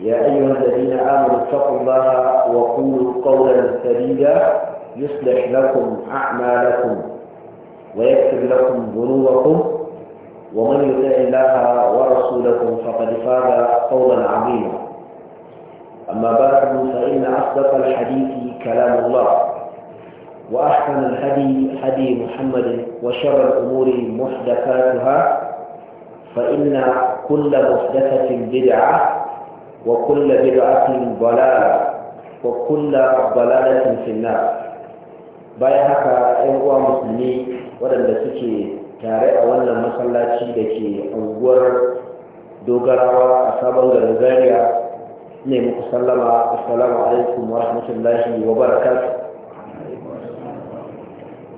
يا أيها الذين آمنوا اتقوا الله وقولوا قولا سديدا يصلح لكم أعمالكم ويكتب لكم ذنوبكم ومن يطع الله ورسوله فقد فاز قولا عظيما أما بعد فإن أصدق الحديث كلام الله وأحسن الهدي هدي محمد وشر الأمور محدثاتها فإن كل محدثة بدعة وكل بدعة ضلالة وكل ضلالة في النار bayan haka ‘yan uwa musulmi waɗanda suke tare a wannan masallaci da ke unguwar dogarawa a sabon garin zaria ne muku sallama assalamu alaikum wa rahmatullahi wa barakat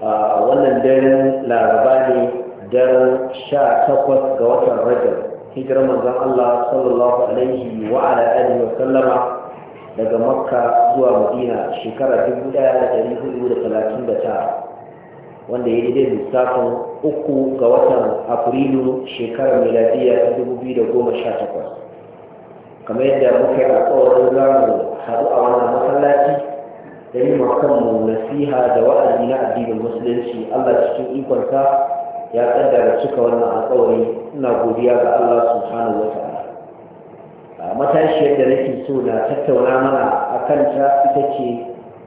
a wannan daren laraba ne daren sha takwas ga watan rajab hijirar manzon Allah sallallahu alaihi wa ala alihi wa sallama daga Makka zuwa Madina shekara 1439 wanda ya daidai lissafin uku ga watan Afrilu shekarar miladiya ta 2018 kamar yadda muka yi za mu haɗu a wannan masallaci da yi kanmu nasiha da wa'azi na addinin musulunci Allah cikin ikonsa ya kaddara cika wannan alƙawari ina godiya ga Allah subhanahu wata'ala a matashiyar da nake so na tattauna mana akan ta ita ce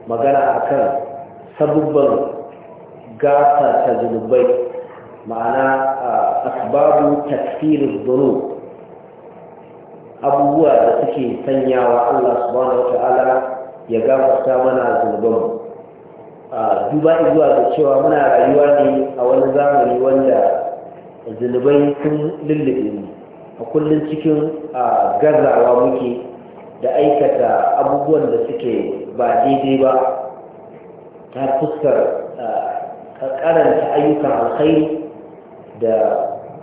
magana akan sabubban gasa ta zunubai ma'ana asbabu takfirin zuru abubuwa da suke sanyawa Allah subhanahu wata'ala ya gafarta mana zunubanmu duba zuwa da cewa muna rayuwa ne a wani zamani wanda zunubai sun lullube ne a kullum cikin gazawa muke da aikata abubuwan da suke ba daidai ba ta fuskar karanta ayyukan alkhairi da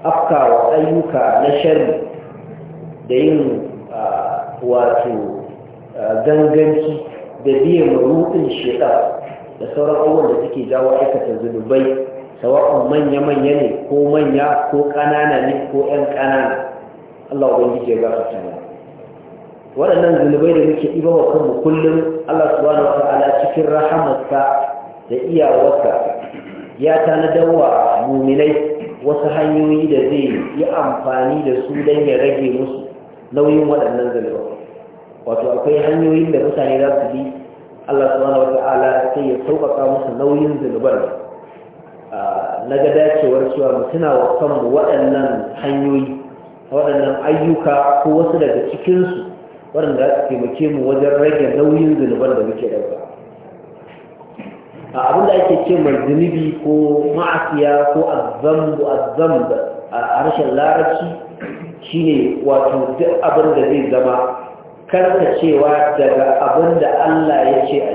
afkawa ayyuka na shari da yin wato ganganci da biyan rukun shekara da sauran abubuwan da suke jawo aikata zunubai sawa'un manya-manya ne ko manya ko ƙanana ne ko 'yan ƙanana Allah ubangiji ya su tana waɗannan zunubai da muke ɗiba wa kanmu kullum Allah subhanahu wa ala cikin rahamarsa da iyawarsa ya tanadar wa muminai wasu hanyoyi da zai yi amfani da su don ya rage musu nauyin waɗannan zunubai wato akwai hanyoyin da mutane za su bi Allah subhanahu wa ta'ala sai ya sauƙaƙa musu nauyin zunuban na ga dacewar cewa mu suna wa kanmu waɗannan hanyoyi waɗannan ayyuka ko wasu daga cikinsu waɗanda za su taimake mu wajen rage nauyin zunuban da muke ɗauka abin da ake ce mai zunubi ko ma'asiya ko azzambu azzambu a harshen larabci shine wato duk abin da zai zama karkacewa daga abin da Allah ya ce a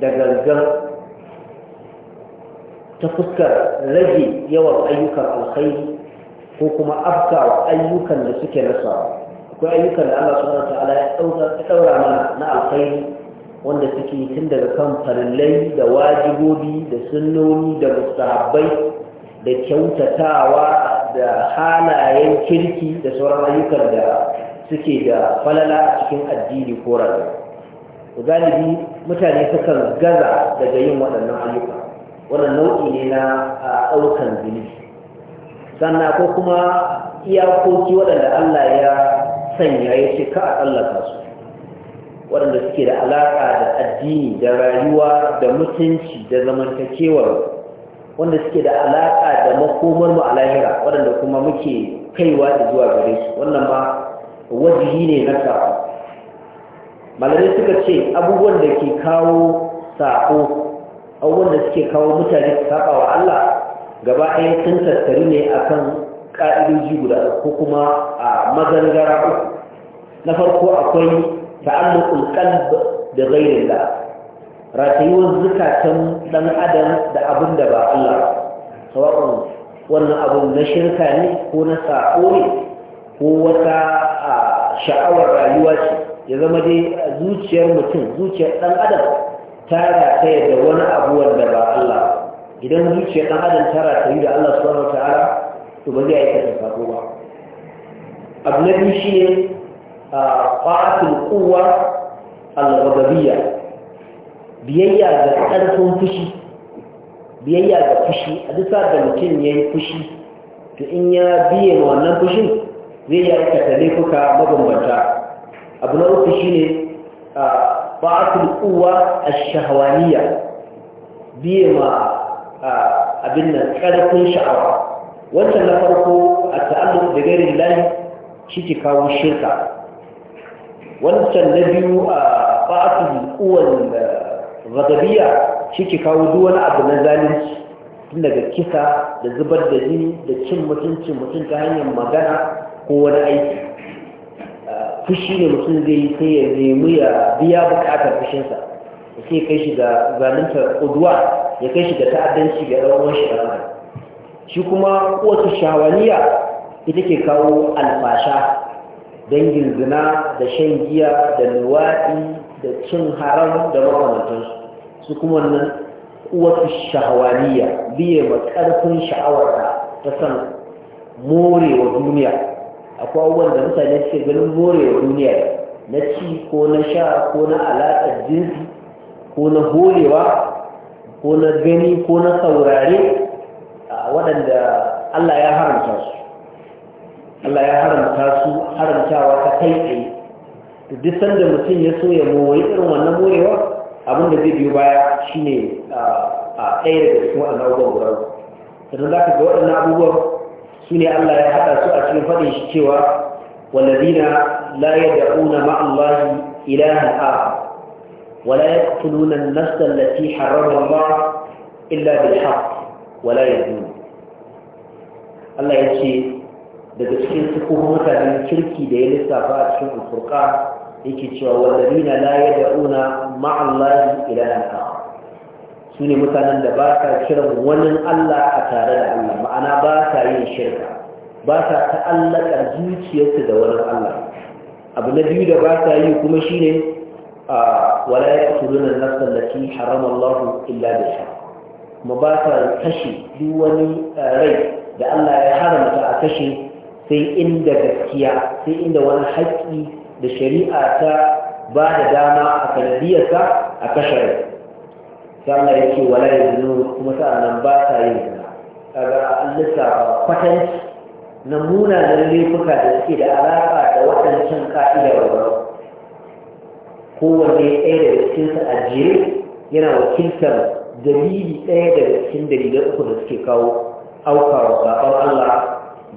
da gangan ta fuskar rage yawan ayyukan alkhairi ko kuma afka ayyukan da suke nasawa akwai ayyukan da Allah subhanahu ta'ala ya daura mana na alkhairi wanda suke tun daga kan farillai da wajibobi da sunnoni da mustahabbai da kyautatawa da halayen kirki da sauran ayyukan da suke da falala a cikin addini ko rayuwa galibi mutane sukan gaza daga yin waɗannan ayyuka wannan nau'i ne na ɗaukan zini sannan ko kuma iyakoki waɗanda Allah ya sanya ya ce ka a tsallaka su waɗanda suke da alaƙa da addini da rayuwa da mutunci da zamantakewar wanda suke da alaƙa da makomar mu a lahira waɗanda kuma muke kaiwa da zuwa gare su wannan ma wajihi ne na sako malamai suka ce abubuwan da ke kawo sako abubuwan da suke kawo mutane su saba wa Allah gaba ɗaya sun tattari ne akan ƙa'idoji guda ko kuma a mazangara uku na farko akwai ta'allukul qalb da ghairillah ratayuwar zukatan dan adam da abin da ba Allah sawa'un wannan abun na shirka ne ko na sako ne ko wata sha'awar rayuwa ce ya zama dai zuciyar mutum zuciyar ɗan adam ta yi da wani abuwan da ba Allah idan zuciyar ɗan adam ta yi da Allah subhanahu wa ta'ala to ba zai aikata sako ba abu na biyu shi ne ƙwa'atul kowa al biyayya ga ƙarfin fushi biyayya ga fushi a duk da mutum ya yi fushi to in ya biye wannan fushin zai yi aikata laifuka mabambanta abu na uku shine ba'atul uwa ash-shahwaniyya biye ma abin nan karfin sha'awa wancan na farko a ta'alluq da garin lahi shi ke kawo shirka wancan na biyu a ba'atul uwan ghadabiyya shi ke kawo duwani abu na zalunci tun daga kisa da zubar da jini da cin mutuncin mutum ta hanyar magana ko aiki fushi ne mutum zai yi sai ya nemi ya biya bukatar fushinsa ya ke kai shi ga zalunta kuduwa ya kai shi ga ta'addanci ga ɗan shi ɗan shi kuma wata shawaniya ita ke kawo alfasha dangin zina da shan giya da luwaɗi da cin haram da makamantansu su kuma nan wata shawaniya biye ma ƙarfin sha'awarta ta san morewa duniya akwai abubuwan da mutane suke ganin morewa duniya na ci ko na sha ko na alaƙar jinsi ko na horewa ko na gani ko na saurare waɗanda Allah ya haramta su Allah ya haramta su haramtawa ta kai tsaye duk sanda mutum ya so ya mowai irin wannan morewa abin da zai biyo baya shine a ɗaya daga cikin a abubuwan guda sannan za ka ga waɗannan abubuwan su ne Allah ya haɗa su a cikin faɗin shi cewa walladina la yad'una ma Allah ilahan akhar wala la yaqtuluna an-nafs allati harrama Allah illa bil haqq wa la yazun Allah ya ce daga cikin sukuhun mutanen kirki da ya lissafa a cikin alfurqa yake cewa walladina la yad'una ma Allah ilahan akhar su ne mutanen da ba sa kiran wani Allah a tare da Allah ma'ana ba sa yin shirka ba sa ta'allaka zuciyarsu da wani Allah abu na biyu da ba sa yi kuma shine wala yaqtuluna an-nafsa allati harrama Allah illa biha kuma ba sa kashe duk wani rai da Allah ya haramta a kashe sai inda gaskiya sai inda wani haƙƙi da shari'a ta ba da dama a sanadiyarsa a kashe rai sama ya ce wala ya zinu kuma nan ba ta yin zina kaga an lissafa kwatanci na munanan laifuka da suke da alaƙa da waɗancan ka'idar wani kowanne ɗaya daga cikinsa a jere yana wakiltar dalili ɗaya daga cikin dalilan uku da suke kawo aukawa sabon Allah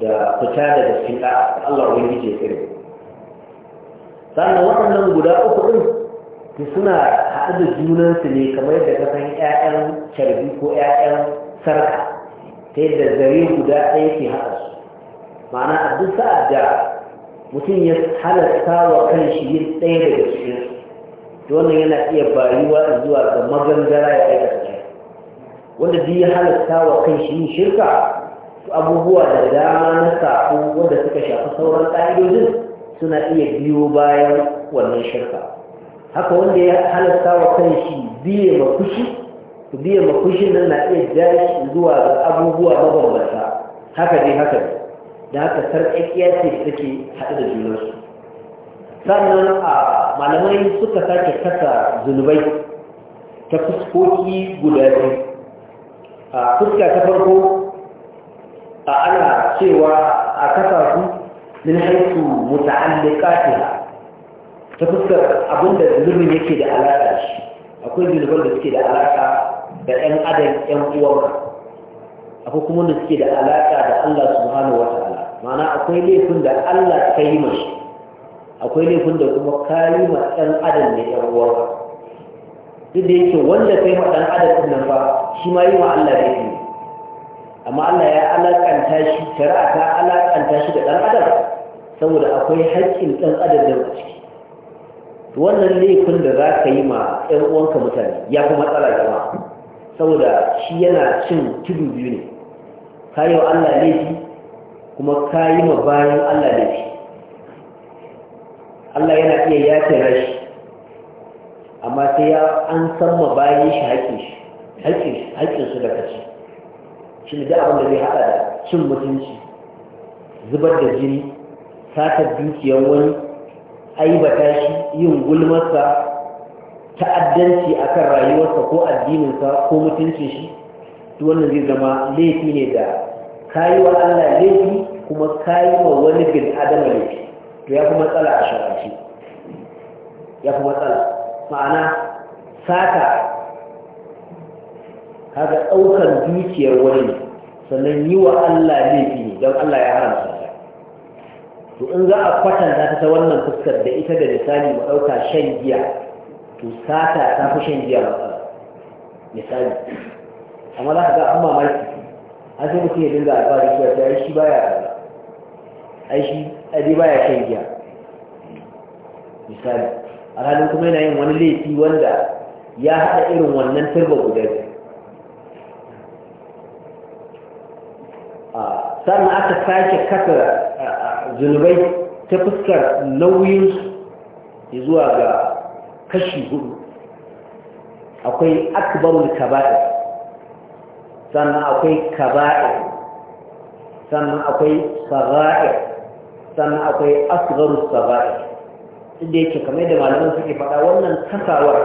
da fita da cikin Allah wani ya sannan waɗannan guda uku ɗin ke suna haɗu da junansu ne kamar da ka 'ya'yan ƴaƴan carbi ko 'ya'yan sarka ta yadda zare guda ɗaya ke haɗa su ma'ana a duk sa'ad da mutum ya halatta wa shi yin ɗaya daga cikin to wannan yana iya bayuwa zuwa ga magangara ya aika shi wanda duk ya halatta wa kan shi yin shirka su abubuwa da dama na wanda suka shafi sauran ƙa'idojin suna iya biyo bayan wannan shirka haka wanda ya halatta wa kan shi biye makushi biye nan na iya jari zuwa ga abubuwa mabambanta haka dai haka ne da haka sarƙaƙiya ce da take haɗu da junansu sannan a malamai suka sake kasa zunubai ta fuskoki guda biyu a fuska ta farko a ana cewa a kasa su min haitu muta'alliqatiha ta fuskar abin da zunubin yake da alaƙa shi akwai zunuban da suke da alaƙa da 'yan adam 'yan uwar akwai kuma da suke da alaƙa da Allah subhanahu wa ta'ala ma'ana akwai laifin da Allah ta yi mashi akwai laifin da kuma ka yi ma ɗan adam ne ɗan uwar duk da yake wanda yi ma ɗan adam ɗin nan ba shi ma yi ma Allah ne amma Allah ya alaƙanta shi shari'a ta alaƙanta shi da ɗan adam saboda akwai haƙƙin ɗan adam da ciki wannan laifin da za ka yi ma 'yan uwanka mutane ya fi matsala jama'a saboda shi yana cin tudu biyu ne ka yi wa Allah laifi kuma ka yi ma bayan Allah laifi Allah yana iya yafera rashi amma sai ya an san ma bayan shi haƙƙin shi haƙƙin shi haƙƙin su da kaci shi da abin da zai haɗa da cin mutunci zubar da jini satar dukiyar wani aibata shi yin gulmarsa ta'addanci akan rayuwarsa ko addininsa ko mutuncin shi wannan zai zama laifi ne da kayi wa Allah laifi kuma kayi wa wani bin adam laifi to ya fi matsala a sharafi ya fi matsala ma'ana saka kaga ɗaukar dukiyar wani sannan yi wa Allah laifi ne don Allah ya haramta to in za a kwatanta ta wannan fuskar da ita da misali mu ɗauka shan giya to sata ta fi shan giya matsala misali amma za ka ga an mamaki an sai mutum ya dinga alfahari cewa ta yi shi baya ai shi ai baya shan giya misali a alhalin kuma yana yin wani laifi wanda ya haɗa irin wannan turba guda biyu ah, sannan aka sake kafa zunubai ta fuskar nauyinsu zuwa ga kashi hudu akwai akbarul kaba'ir sannan akwai kaba'ir sannan akwai sara'ir sannan akwai asgarus sara'ir inda yake kamar da malaman suke fada wannan kasawar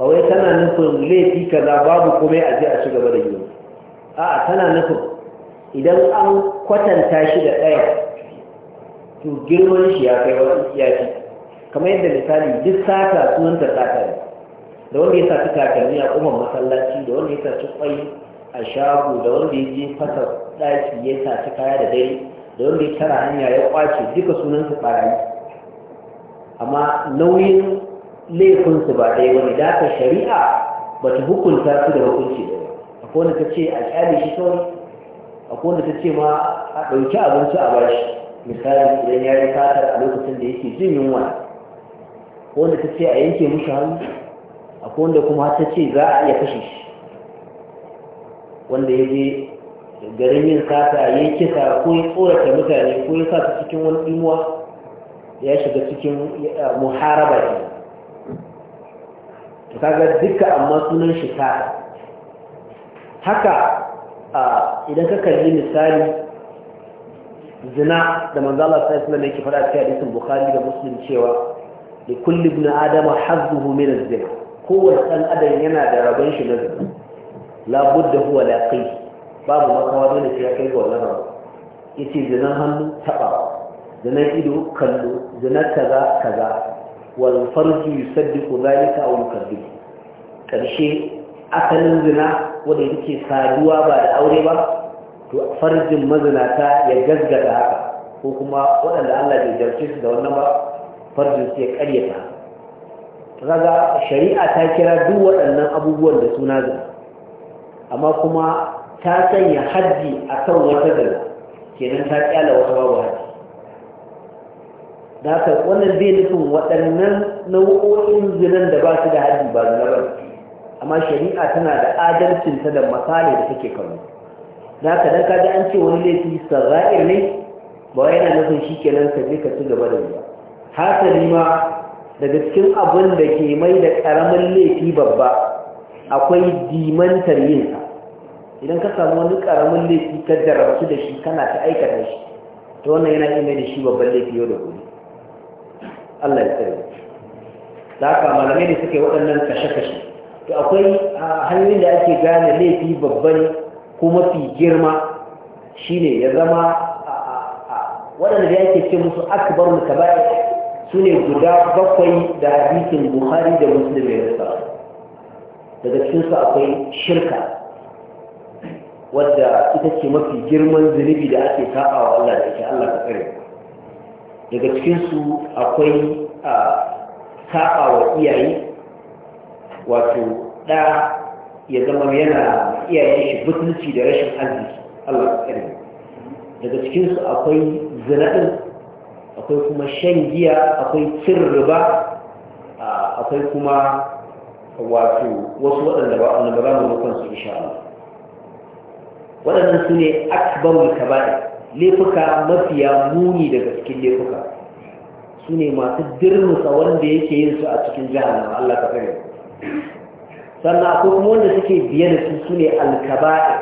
kawai tana nufin laifi kaza babu komai a je a ci gaba da yi a tana nufin idan an kwatanta shi da ɗaya to girman shi ya kai wani iyaki kamar yadda misali duk sata sunan ta sata ne da wanda ya sata takalmi a kuma masallaci da wanda ya sata kwai a shago da wanda ya je fasa daki ya sata kaya da dare da wanda ya tara hanya ya kwace duka sunan su barayi amma nauyin laifin su ba ɗaya wani da shari'a ba ta hukunta su da hukunci ɗaya akwai wanda ta ce a kyale shi kawai akwai wanda ta ce ma a ɗauki abinci a bashi misali idan ya yi fatar a lokacin da yake jin yunwa ko wanda ta ce a yanke mushi hannu ko wanda kuma ta ce za a iya kashe shi wanda ya je garin yin sata ya yi kisa ko ya tsorata mutane ko ya sa su cikin wani imuwa ya shiga cikin muharaba ke to kaga duka amma sunan shi sata haka idan ka kalli misali zina da manzo Allah sallallahu alaihi yake faɗa cikin hadisin Bukhari da Muslim cewa li kulli ibn adam hazzuhu min az-zina kowace adam yana da rabon shi na zina la budda huwa laqi babu makawa dole sai ya kai ga wannan rabon yace zinan hannu taba zinan ido kallo Zina kaza kaza wal farju yusaddiqu dhalika aw yukaddibu karshe asalin zina wanda yake saduwa ba da aure ba to farjin mazinata ya gaggada haka ko kuma waɗanda Allah ke jarce su da wannan ba farjin su ya karyata Raga shari'a ta kira duk waɗannan abubuwan da suna zina amma kuma ta sanya haddi akan wata gaba kenan ta kyala wata babu haddi da haka wannan zai nufin waɗannan nau'o'in zinan da ba su da haddi ba zina ba amma shari'a tana da adalcinta da masali da take kawo da haka dan kaji an ce wani laifi sarra'ir ne ba yana nufin shi kenan ka je ka ci gaba da wuya hasali ma daga cikin abin da ke mai da karamin laifi babba akwai dimantar yinsa idan ka samu wani karamin laifi ka jarabtu da shi kana ta aikata shi ta wannan yana iya mai da shi babban laifi yau da gobe Allah ya tsare da haka malamai da suke waɗannan kashe-kashe to akwai hanyoyin da ake gane laifi babba ne ko mafi girma shine ya zama waɗanda da yake ce musu akbar mutabai su ne guda bakwai da hadisin buhari da muslim ya rasa daga cikinsu akwai shirka wadda ita ce mafi girman zunubi da ake saba wa Allah da ke Allah ka kare daga cikinsu akwai saba wa iyaye wato ɗaya ya zama yana iyayen shi mutunci da rashin arziki Allah ya tsare daga cikin su akwai zina akwai kuma shan giya akwai cin riba akwai kuma wato wasu waɗanda ba wanda ba za mu rokon su insha Allah waɗannan su ne akbar kaba'ir laifuka mafiya muni daga cikin laifuka su ne masu dirmusa wanda yake yin su a cikin jahannama Allah ka kare sannan akwai kuma wanda suke biye da su su ne alkaba'i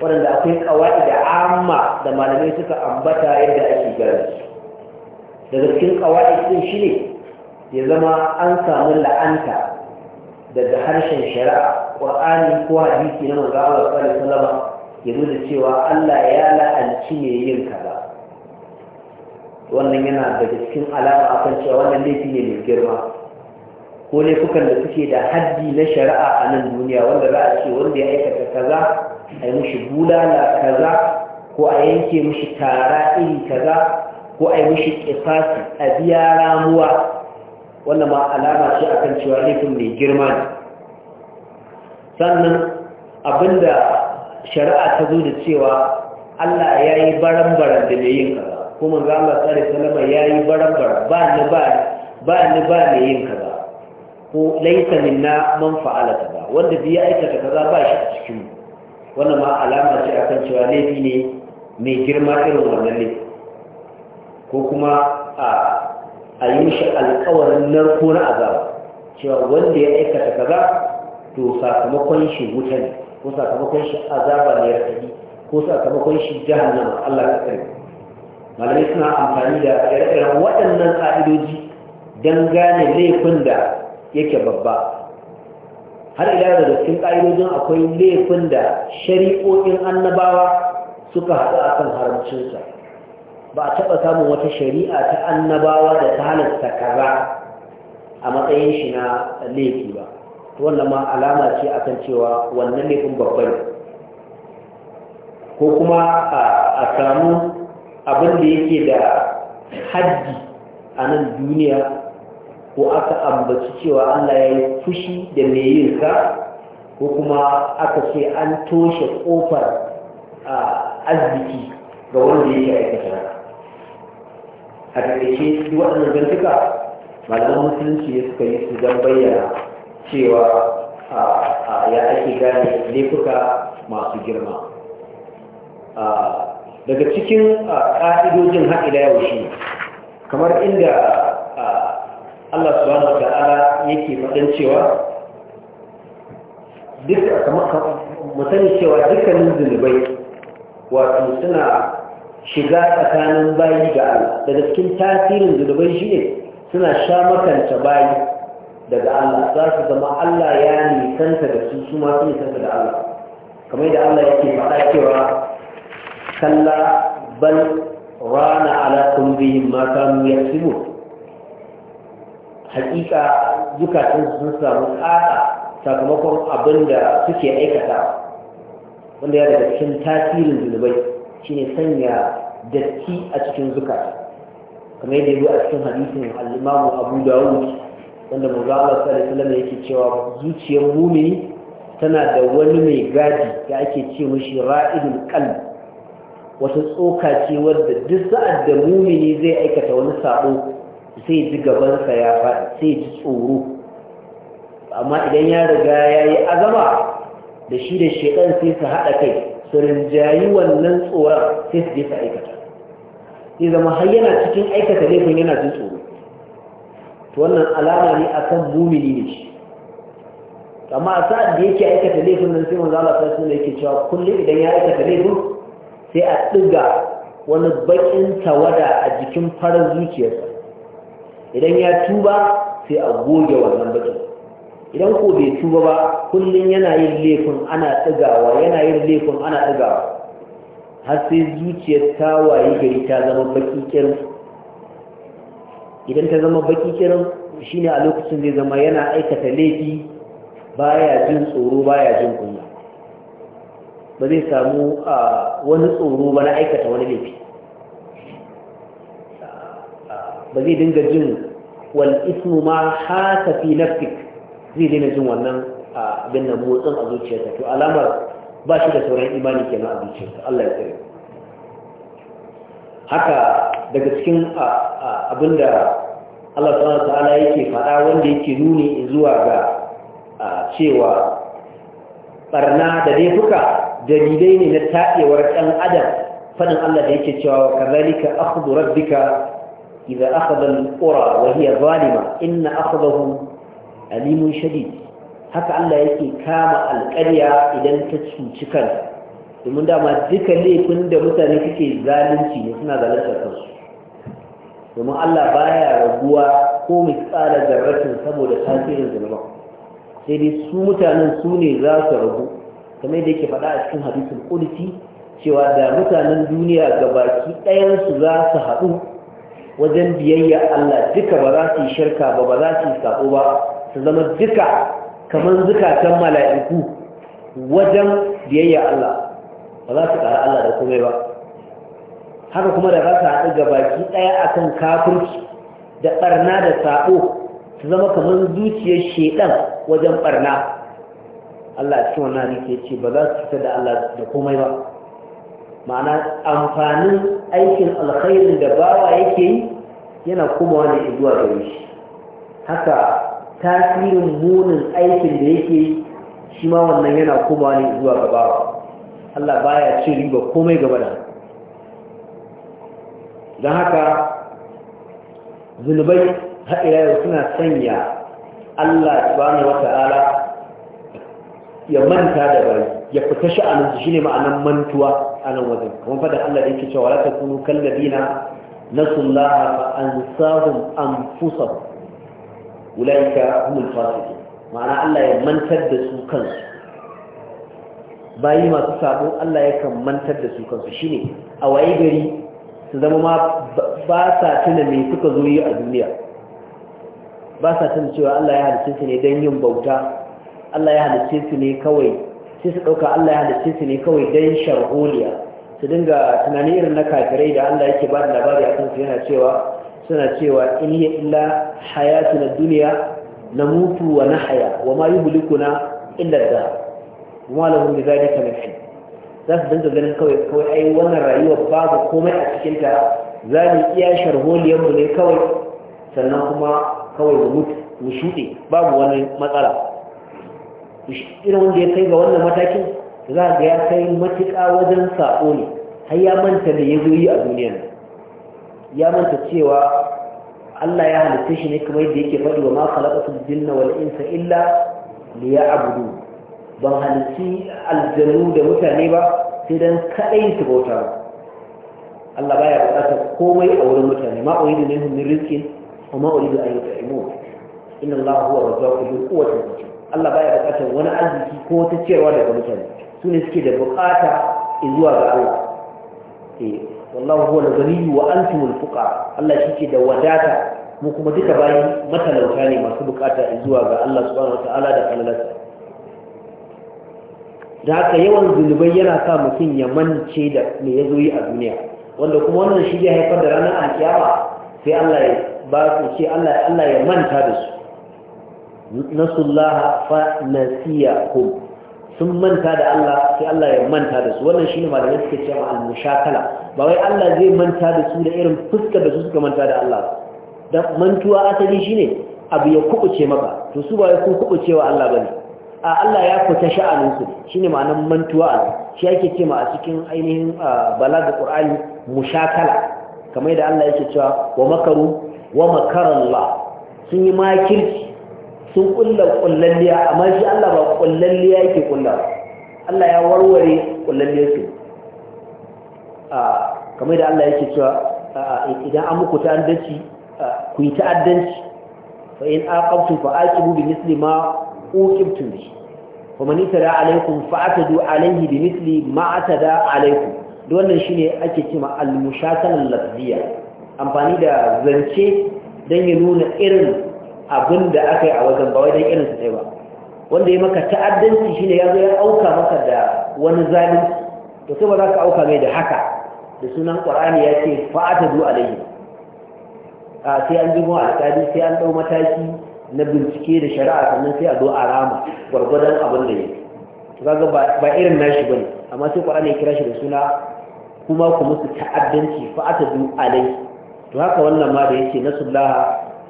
waɗanda akwai kawai da amma da malamai suka ambata yadda ake gane su daga kawai ɗin shi ne ya zama an samu la'anta daga harshen shari'a ƙwa'ani ko hadisi na manzo Allah sallallahu ya zo da cewa Allah ya la'anci ne yin kaza wannan yana daga cikin alama akan cewa wannan laifi ne mai girma ko ne kukan da suke da haddi na shari'a a nan duniya wanda za a ce wanda ya aikata kaza a yi mushi bulala kaza ko a yanke mushi tara iri kaza ko a yi mushi kifasi a biya ramuwa wannan ma alama ce akan cewa laifin mai girma ne sannan abinda shari'a ta zo da cewa Allah ya yi baran da mai yin kaza kuma za a tsare salama ya yi baran-baran ba ni ba ni ba ni yin kaza ko laisa minna man fa'ala kaza wanda bi ya aikata kaza ba shi a cikin wannan ma alama ce akan cewa laifi ne mai girma irin wannan ne ko kuma a ayyushi yi na alƙawarin narko na azaba cewa wanda ya aikata kaza to sakamakon shi wuta ne ko sakamakon shi azaba ne ya tafi ko sakamakon shi jahannama Allah ya tsare malamai suna amfani da ire-iren waɗannan ƙa'idoji don gane laifin da yake babba har ila da cikin ƙa'idojin akwai laifin da shari'o'in annabawa suka haɗu a kan haramcinsa ba a taɓa samun wata shari'a ta annabawa da ta halatta kaza a matsayin shi na laifi ba wannan ma alama ce akan cewa wannan laifin babba ne ko kuma a samu abin da yake da haddi a nan duniya ko aka ambaci cewa Allah ya yi fushi da mai yin ka ko kuma aka ce an toshe kofar arziki ga wanda yake aikata haka a taƙaice duk waɗannan zantuka malaman musulunci ne suka yi su don bayyana cewa ya ake gane laifuka masu girma daga cikin ƙa'idojin haɗi da yaushe kamar inda Allah subhanahu wata'ala yake faɗin cewa duk mu sani cewa dukkanin zunubai wato suna shiga tsakanin bayi ga Allah daga cikin tasirin zunubai shine suna sha makanta bayi daga Allah za su zama Allah ya nisanta da su su ma su nisanta da Allah kamar yadda Allah yake faɗa cewa kalla bal rana ala kumbihim ma kanu yasibu hakika su sun samu tsada sakamakon abin da suke aikata wanda ya daga cikin tasirin zunubai shine sanya datti a cikin zukata kamar yadda ya a cikin hadisin alimamu Abu Dawud wanda mu za'a wasu alaihi wasallam yake cewa zuciyar mumini tana da wani mai gadi da ake ce mashi ra'idul kal wata tsoka ce wadda duk sa'ad da mumini zai aikata wani sabo sai ji gabansa ya faɗi sai ji tsoro amma idan ya riga ya yi azama da shi da shekan sai su haɗa kai su rinjayi wannan tsoron sai su jefa aikata sai zama har yana cikin aikata laifin yana jin tsoro to wannan alama ne akan mumini ne shi amma a sa'ad da yake aikata laifin nan sai manzo Allah sai ne yake cewa kullum idan ya aikata laifin sai a ɗiga wani baƙin tawada a jikin farar zuciyarsa idan ya tuba sai a goge wannan bakin idan ko bai tuba ba kullum yana yin laifin ana tsigawa yana yin laifin ana tsigawa har sai zuciyar ta waye gari ta zama baki kirin idan ta zama baki kirin shine a lokacin zai zama yana aikata laifi baya jin tsoro baya jin kunya ba zai samu ah, wani tsoro ba na aikata wani laifi ba zai dinga jin wal ismu ma haka fi zai dinga jin wannan abin nan motsin a zuciyarsa to alamar ba shi da sauran imani kenan a zuciyarsa Allah ya tsare haka daga cikin abinda Allah subhanahu ta'ala yake faɗa wanda yake nuni zuwa ga cewa barna da laifuka dalilai ne na taɗewar ɗan adam faɗin Allah da yake cewa kazalika akhdhu rabbika إذا أخذ القرى وهي ظالمة إن أخذه أليم شديد haka Allah yake kama alƙarya idan ta cuci kanta domin dama duka laifin da mutane suke zalunci ne suna zalunta kansu domin Allah baya raguwa ko misala zarratin saboda tasirin zunuban sai dai su mutanen su ne za su ragu kamar da yake faɗa a cikin hadisin qudsi cewa da mutanen duniya gabaki ɗayan su za su haɗu wajen biyayya Allah duka ba za su yi shirka ba ba za su yi ba su zama duka kamar zukatan mala'iku wajen biyayya Allah ba za su ƙara Allah da komai ba haka kuma da za su haɗu ga baki ɗaya akan kafirci da ɓarna da sabo su zama kamar zuciyar shedan wajen ɓarna Allah cikin wannan hadisi ya ce ba za su fita da Allah da komai ba ma'ana amfanin aikin alkhairin da bawa yake yi yana kuma wani zuwa gare shi haka tasirin munin aikin da yake shi ma wannan yana kuma wani zuwa ga bawa Allah baya cin riba komai gaba da don haka zunubai haɗira yau suna sanya Allah subhanahu wata'ala ya manta da ya fita sha'aninsu shine ma'anan mantuwa a nan wajen kuma fadar Allah da yake cewa la takunu kalladina nasullaha fa ansahum anfusahum ulaika humul fasiqun ma'ana Allah ya mantar da su kansu bayi masu sabo Allah ya kan mantar da su kansu shine a waye gari su zama ma ba sa tuna me suka zo yi a duniya ba sa tuna cewa Allah ya halicce su ne don yin bauta Allah ya halicce su ne kawai sai su ɗauka Allah ya halitta su ne kawai dan sharholiya su dinga tunanin irin na kafirai da Allah yake ba da labari a kansu yana cewa suna cewa in hiya illa hayatu na duniya na mutu wa na haya wa ma yi bulikuna illa da kuma lahun bi zalika min hin za su dinga ganin kawai kawai ai wannan rayuwar babu komai a cikin ta za mu iya sharholiyar mu ne kawai sannan kuma kawai mu mutu mu shuɗe babu wani matsala irin wanda ya kai ga wannan matakin za ga ya kai matuƙa wajen saƙo ne har ya manta da ya zo yi a duniyar ya manta cewa Allah ya halitta shi ne kamar yadda yake faɗi wa ma khalaqatul jinna wal insa illa liya'budu ban halitti aljanu da mutane ba sai dan kaɗai su bauta Allah baya buƙatar komai a wurin mutane ma uridu minhum min rizqin wa ma uridu an yut'imun inna Allah huwa razzaqu dhul matin Allah baya bukatar wani arziki ko wata cewa daga mutane su ne suke da bukata zuwa ga Allah eh wallahu huwa al-ghani wa antum al-fuqara Allah shi ke da wadata mu kuma duka bayi matalauta ne masu bukata zuwa ga Allah subhanahu wataala da kalalarsa da haka yawan zulubai yana sa mutum ya mance da me ya yi a duniya wanda kuma wannan shi ya haifar da ranar alkiyama sai Allah ya ba su ce Allah ya manta da su nasullaha fa nasiyahum sun manta da Allah sai Allah ya manta da su wannan shine malamai suke cewa al-mushakala ba wai Allah zai manta da su da irin fuskar da su suka manta da Allah da mantuwa asali shine abu ya kubuce maka to su ba wai kubuce wa Allah bane a Allah ya fita sha'anin su shine ma'anar mantuwa shi yake cewa a cikin ainihin da Qur'ani mushakala kamar da Allah yake cewa wa makaru wa makarar la sun yi makirci sun kulla kullalliya amma shi Allah ba kullalliya yake kulla Allah ya warware kullalliya su a kamar da Allah yake cewa idan an muku ta'addanci ku yi ta'addanci fa in aqabtu fa aqibu bi misli ma uqibtum bi wa man itara alaykum fa atadu alayhi bi misli ma atada alaykum duk wannan shine ake cewa al-mushakala lafziya amfani da zance dan ya nuna irin abin da aka yi a wajen ba wai dan irinsu sai ba wanda ya maka ta'addanci shine ya zo ya auka maka da wani zalim to sai ba za ka auka mai da haka da sunan qur'ani ya ce fa'ata du alayhi a sai an jimo alƙali sai an ɗau mataki na bincike da shari'a sannan sai a zo a rama gwargwadon abin da ya to ga ba irin nashi bane amma sai qur'ani ya kira shi da suna kuma ku musu ta'addanci fa'ata du alayhi to haka wannan ma da yake nasullaha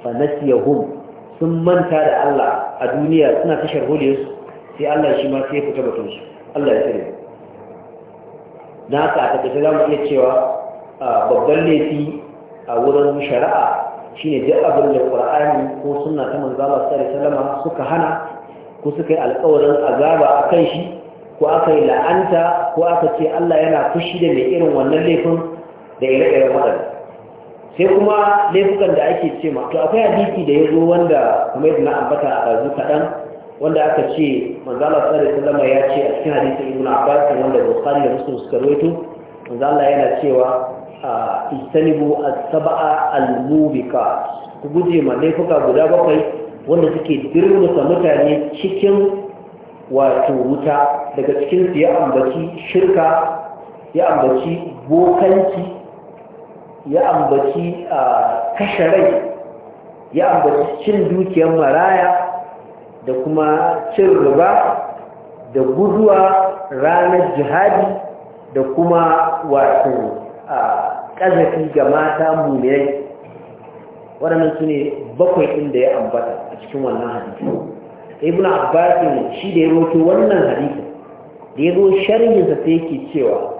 fa nasiyahum sun manta da Allah a duniya suna ta sharholiyar su sai Allah shi ma sai ya fita batun su Allah ya tsare na haka a takaice za mu iya cewa babban laifi a wurin shari'a shine duk abin da Qur'ani ko sunna ta manzo Allah sallallahu alaihi wasallam suka hana ko suka yi alƙawarin azaba akan shi ko aka yi la'anta ko aka ce Allah yana fushi da mai irin wannan laifin da ire-iren waɗanda sai kuma laifukan da ake ce ma to akwai hadisi da ya zo wanda kuma yadda na ambata a ɗazu kaɗan wanda aka ce manzala sallallahu alaihi ya ce a cikin hadisin Ibn abbas wanda bukhari da muslim suka rawaito manzala yana cewa istanibu as-sab'a al mubika ku guje ma laifuka guda bakwai wanda suke dirmusa mutane cikin wato wuta daga cikin su ya ambaci shirka ya ambaci bokanci ya ambaci kashe rai ya ambaci cin dukiyar maraya da kuma cin riba da guduwa ranar jihadi da kuma wato ƙazafi ga mata muniyar waɗannan su ne bakwai inda ya ambata a cikin wannan hadisi ibn abbasin shi da ya roto wannan hadisi da ya zo sharhinsa sai yake cewa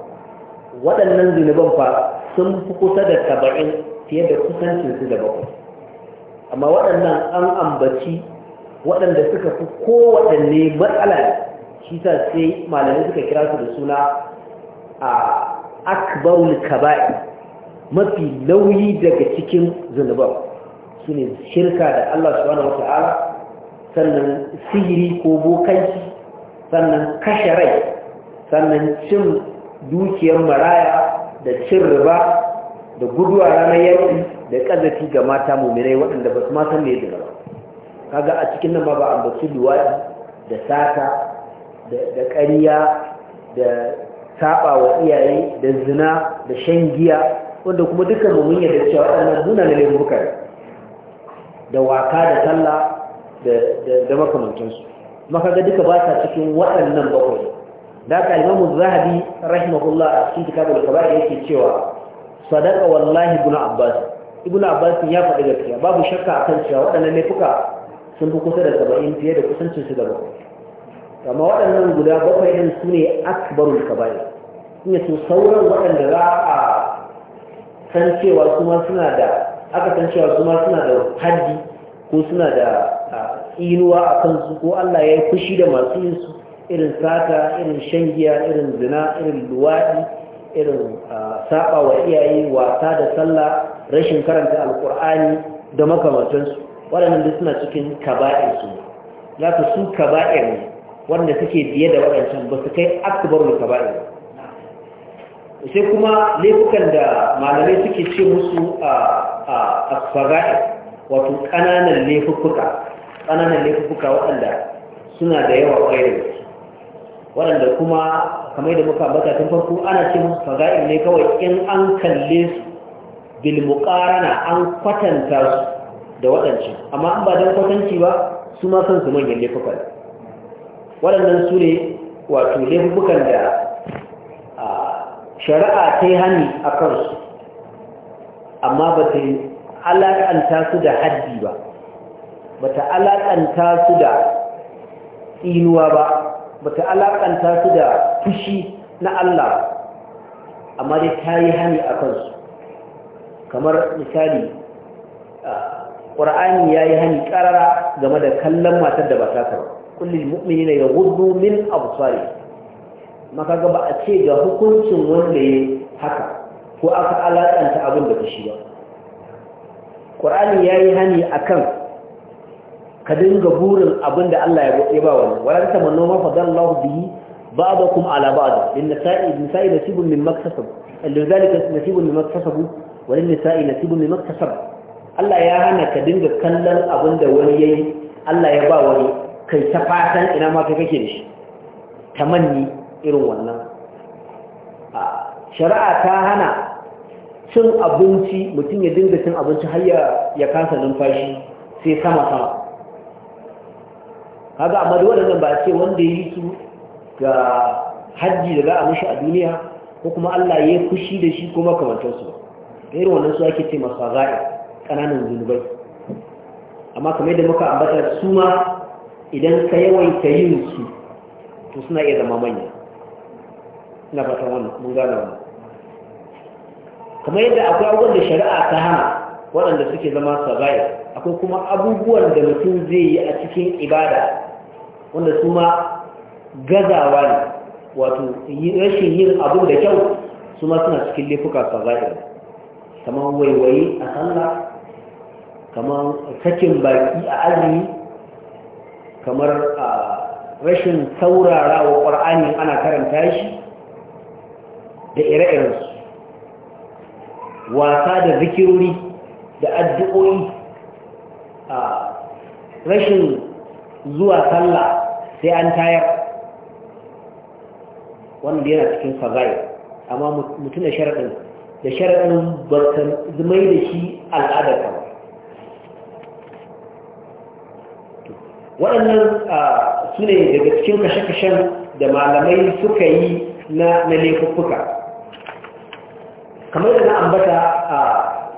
waɗannan zunuban fa sun fi kusa da saba'in fiye da kusancinsu da bakwai amma waɗannan an ambaci waɗanda suka fi kowaɗanne matsala shi sa sai malamai suka kira su da suna a akbarul kaba'i mafi nauyi daga cikin zunuban su ne shirka da Allah subhanahu wa ta'ala sannan sihiri ko bokanci sannan kashe rai sannan cin dukiyar maraya da cin riba da guduwa ranar yaƙi da ƙazafi ga mata mumirai waɗanda ba su ma san mai ba kaga a cikin nan ba ba ambaci luwaɗi da sata da ƙarya da saba wa iyaye da zina da shan giya wanda kuma dukkan mummun yadda cewa waɗannan zuna na laifuka da waka da talla da makamantansu maka ga duka ba sa cikin waɗannan bakwai da ka imamu zahabi rahimahullah a cikin kitabul kabari yake cewa sadaka wallahi ibn abbas ibn abbas ya faɗi gaskiya babu shakka a kan cewa waɗannan laifuka sun fi kusa da saba'in fiye da kusancin su da amma waɗannan guda bakwai ɗin su ne akbarul kabari in yato sauran waɗanda za a san cewa su ma suna da aka san cewa su ma suna da haddi ko suna da tsinuwa a kansu ko Allah ya yi fushi da masu yin su irin sata irin shangiya irin zina irin luwaɗi irin saba wa iyaye wasa da sallah rashin karanta alkur'ani da makamantansu waɗannan duk suna cikin kaba'ir su za ka su kaba'ir ne wanda suke biye da waɗancan ba su kai akbarul kaba'ir sai kuma laifukan da malamai suke ce musu a faga'ir wato ƙananan laifuka ƙananan laifuka waɗanda suna da yawa ƙwairar waɗanda kuma kamar da muka ambata tun farko ana cin musu ne kawai in an kalle su bil an kwatanta su da waɗancan amma an ba don kwatanci ba su ma su manyan laifukan. waɗannan su ne wato laifukan da shari'a ta yi hani a kansu amma ba ta alaƙanta su da haddi ba ba ta alaƙanta su da tsinuwa ba bata alakanta su da fushi na Allah amma dai ta yi hani a kansu kamar misali ƙur'ani ya yi hani ƙarara game da kallon matar da ba ta kullum mu'mini ne ga gudu min abusari maka gaba a ce ga hukuncin wanda ya haka ko aka alaƙanta abin da fushi ba ƙur'ani ya yi hani a kan ka dinga burin abin da Allah ya ya ba wani Wani ta manno ma fa dallahu bihi ba'dakum ala ba'd lin nisa'i nisa'i nasibun mimma kasab lidhalika nasibun mimma kasabu wa nisa'i nasibun mimma kasab Allah ya hana ka dinga kallon abin da wani yi, Allah ya ba wani kai ta fatan ina ma kai kake da shi tamanni irin wannan shari'a ta hana cin abinci mutum ya dinga cin abinci har ya kasa numfashi sai sama sama kaga amma duk wannan ba ce wanda yi su ga haji da za a mishi a duniya ko kuma Allah ya kushi da shi kuma kamantar su irin wannan su ake ce masa za'i kananan zunubai amma kamar da muka ambata su ma idan ka yawaita yin su to suna iya zama manya ina fatan wannan mun gane wannan kamar yadda akwai abubuwan da shari'a ta hana waɗanda suke zama sabai akwai kuma abubuwan da mutum zai yi a cikin ibada wanda su ma gazawa ne wato rashin yin abu da kyau su ma suna cikin laifuka faza'ir kamar waiwaye a sallah kamar sakin baki a azumi kamar rashin saurara wa ƙwar'ani ana karanta shi da ire-irensu wasa da zikirori da addu'o'i rashin zuwa sallah sai an tayar wannan yana cikin fazai amma mutum da sharaɗin da sharaɗin zumai da shi al'adar ka waɗannan su ne daga cikin kashe-kashen da malamai suka yi na laifuffuka kamar da na ambata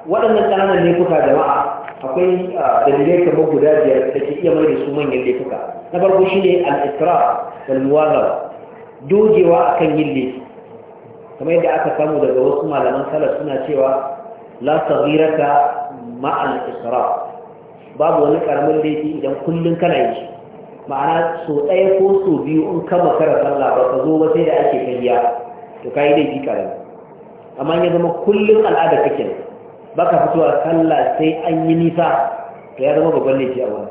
waɗannan ƙananan laifuka jama'a akwai ah, dalilai kamar guda biyar da ke iya mai da su manyan laifuka na farko shine al-isra wal dogewa akan yin laifi kamar yadda aka samu daga wasu malaman salaf suna cewa la saghirata ma'al isra babu wani karamin laifi idan kullun kana yi ma'ana so ɗaya ko so biyu in ka makara sallah ba ka zo ba sai da ake kariya to ka yi laifi karami amma ya zama kullun al'ada kake ba ka fitowa kalla sai an yi nisa to ya zama babban laifi a wani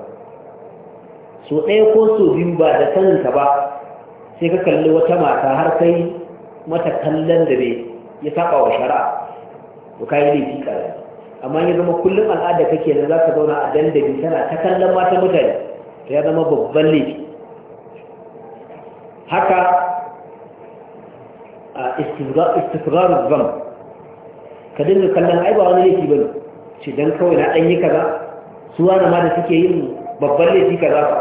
so ɗaya ko so biyu ba da saninka ba sai ka kalli wata mata har kai mata kallon da bai ya saba wa shari'a to ka yi laifi kare amma ya zama kullum al'ada kake nan za ka zauna a dandali tana ta kallon mata mutane to ya zama babban laifi haka a istifgaru zama ka dinga kallon ai ba wani laifi bane ce dan kawai na ɗan yi kaza su wani ma da suke yin babban laifi kaza ba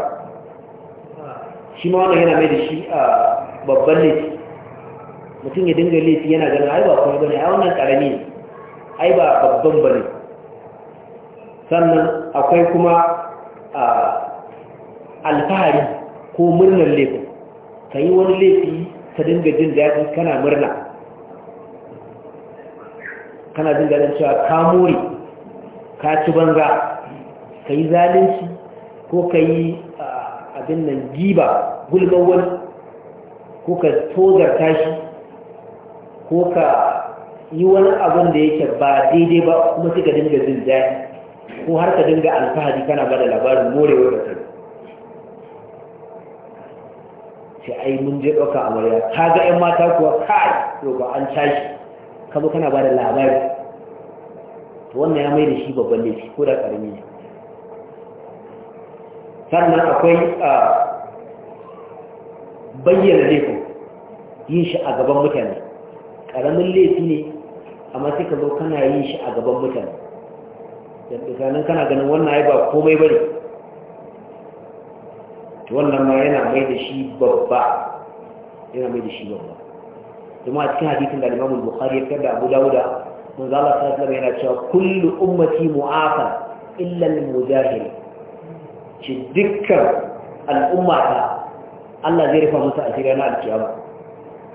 shi ma wani yana mai da shi a babban laifi mutum ya dinga laifi yana ganin ai ba kuma bane ai wannan karami ne ai ba babban bane sannan akwai kuma alfahari ko murnar laifin ka yi wani laifi ka dinga jin daɗi kana murna kana jin daɗin cewa ka more ka ci banza ka yi zalunci ko ka yi abin nan giba gulgawar ko ka tozarta shi ko ka yi wani abin da yake ba daidai ba kuma suka dinga jin daɗi ko har ka dinga alfahari kana ba da labarin morewa da kai ai mun je ɗauka amarya ka ga 'yan mata kuwa kai yau ba an tashi ka zo kana ba da labari wannan ya mai da shi babban laifi ko da ƙarami ne sannan akwai a bayyana laifin yin shi a gaban mutane ƙaramin laifi ne amma sai ka zo kana yin shi a gaban mutane yadda sanin kana ganin wannan ya ba komai bane wannan ma yana mai da shi babba yana mai da shi babba kuma cikin hadisin da Imam Bukhari ya kada Abu Dawud manzo Allah sallallahu alaihi yana cewa kullu ummati mu'afa illa al-mujahid ci dukkan al'ummata Allah zai rufa musu a cikin na alkiyama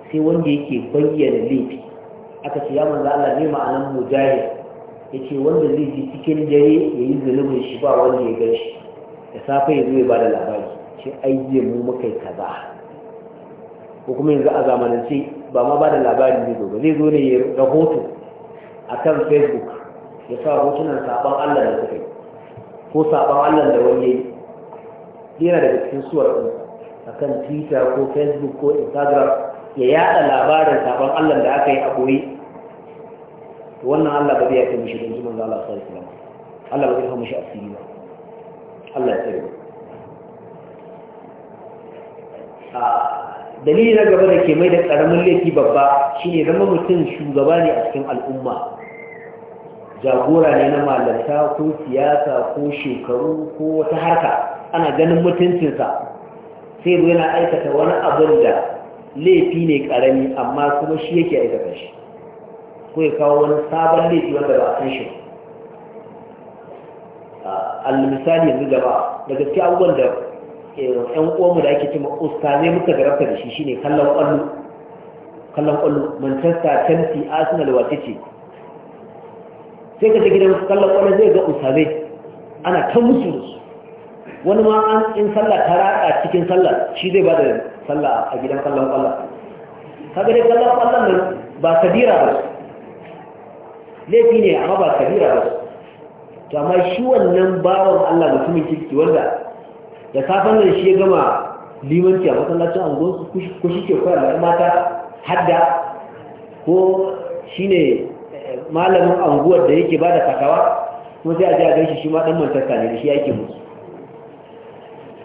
sai wanda yake bayyana laifi aka ce ya manzo Allah ne ma'anan mujahid yake wanda zai ji cikin dare yayi zulumin shi ba wanda ya gashi shi da safe ya zo ya bada labari ce ai mu muka kaza ko kuma yanzu a zamanance ba ma ba da labari ne ba zai zo ne ya rahoto a kan facebook ya sa hotunan sabon allah da suka yi ko sabon allah da wani yi yana daga cikin suwar ɗin a kan twitter ko facebook ko instagram ya yada labarin sabon allah da aka yi a ɓoye wannan allah ba zai yake mishi don jimin da allah sa islam allah ba zai hau mishi asiri ba allah ya tsare ba dalili na gaba da ke mai da karamin laifi babba shine zama mutum shugaba ne a cikin al'umma jagora ne na malarta ko siyasa ko shekaru ko wata harka ana ganin mutuncinsa sai bai yana aikata wani abin da laifi ne karami amma kuma shi yake aikata shi ko ya kawo wani sabon laifi wanda ba a san shi al misali yanzu gaba da gaske abubuwan da Eh, ƴan uwanmu da ake cewa ustazai muka garabta da shi shine kallon kwallo kallon kwallo Manchester Chelsea Arsenal wace ce sai ka gidan kallon kwallo zai ga ustazai ana ta musu da su wani ma an in sallah ta raɗa cikin sallah shi zai bada sallah a gidan kallon kwallon kaga dai kallon kwallon nan ba kabira ba laifi ne amma ba kabira ba to amma shi wannan bawan Allah mutumin kirki wanda da safan nan shi ya gama limanci a masallacin angon ko shi ke kwaya da mata hadda ko shi ne eh, malamin anguwar da yake ba da fatawa kuma sai a ji a gaishe shi ma ɗan mantarka ne da shi yake musu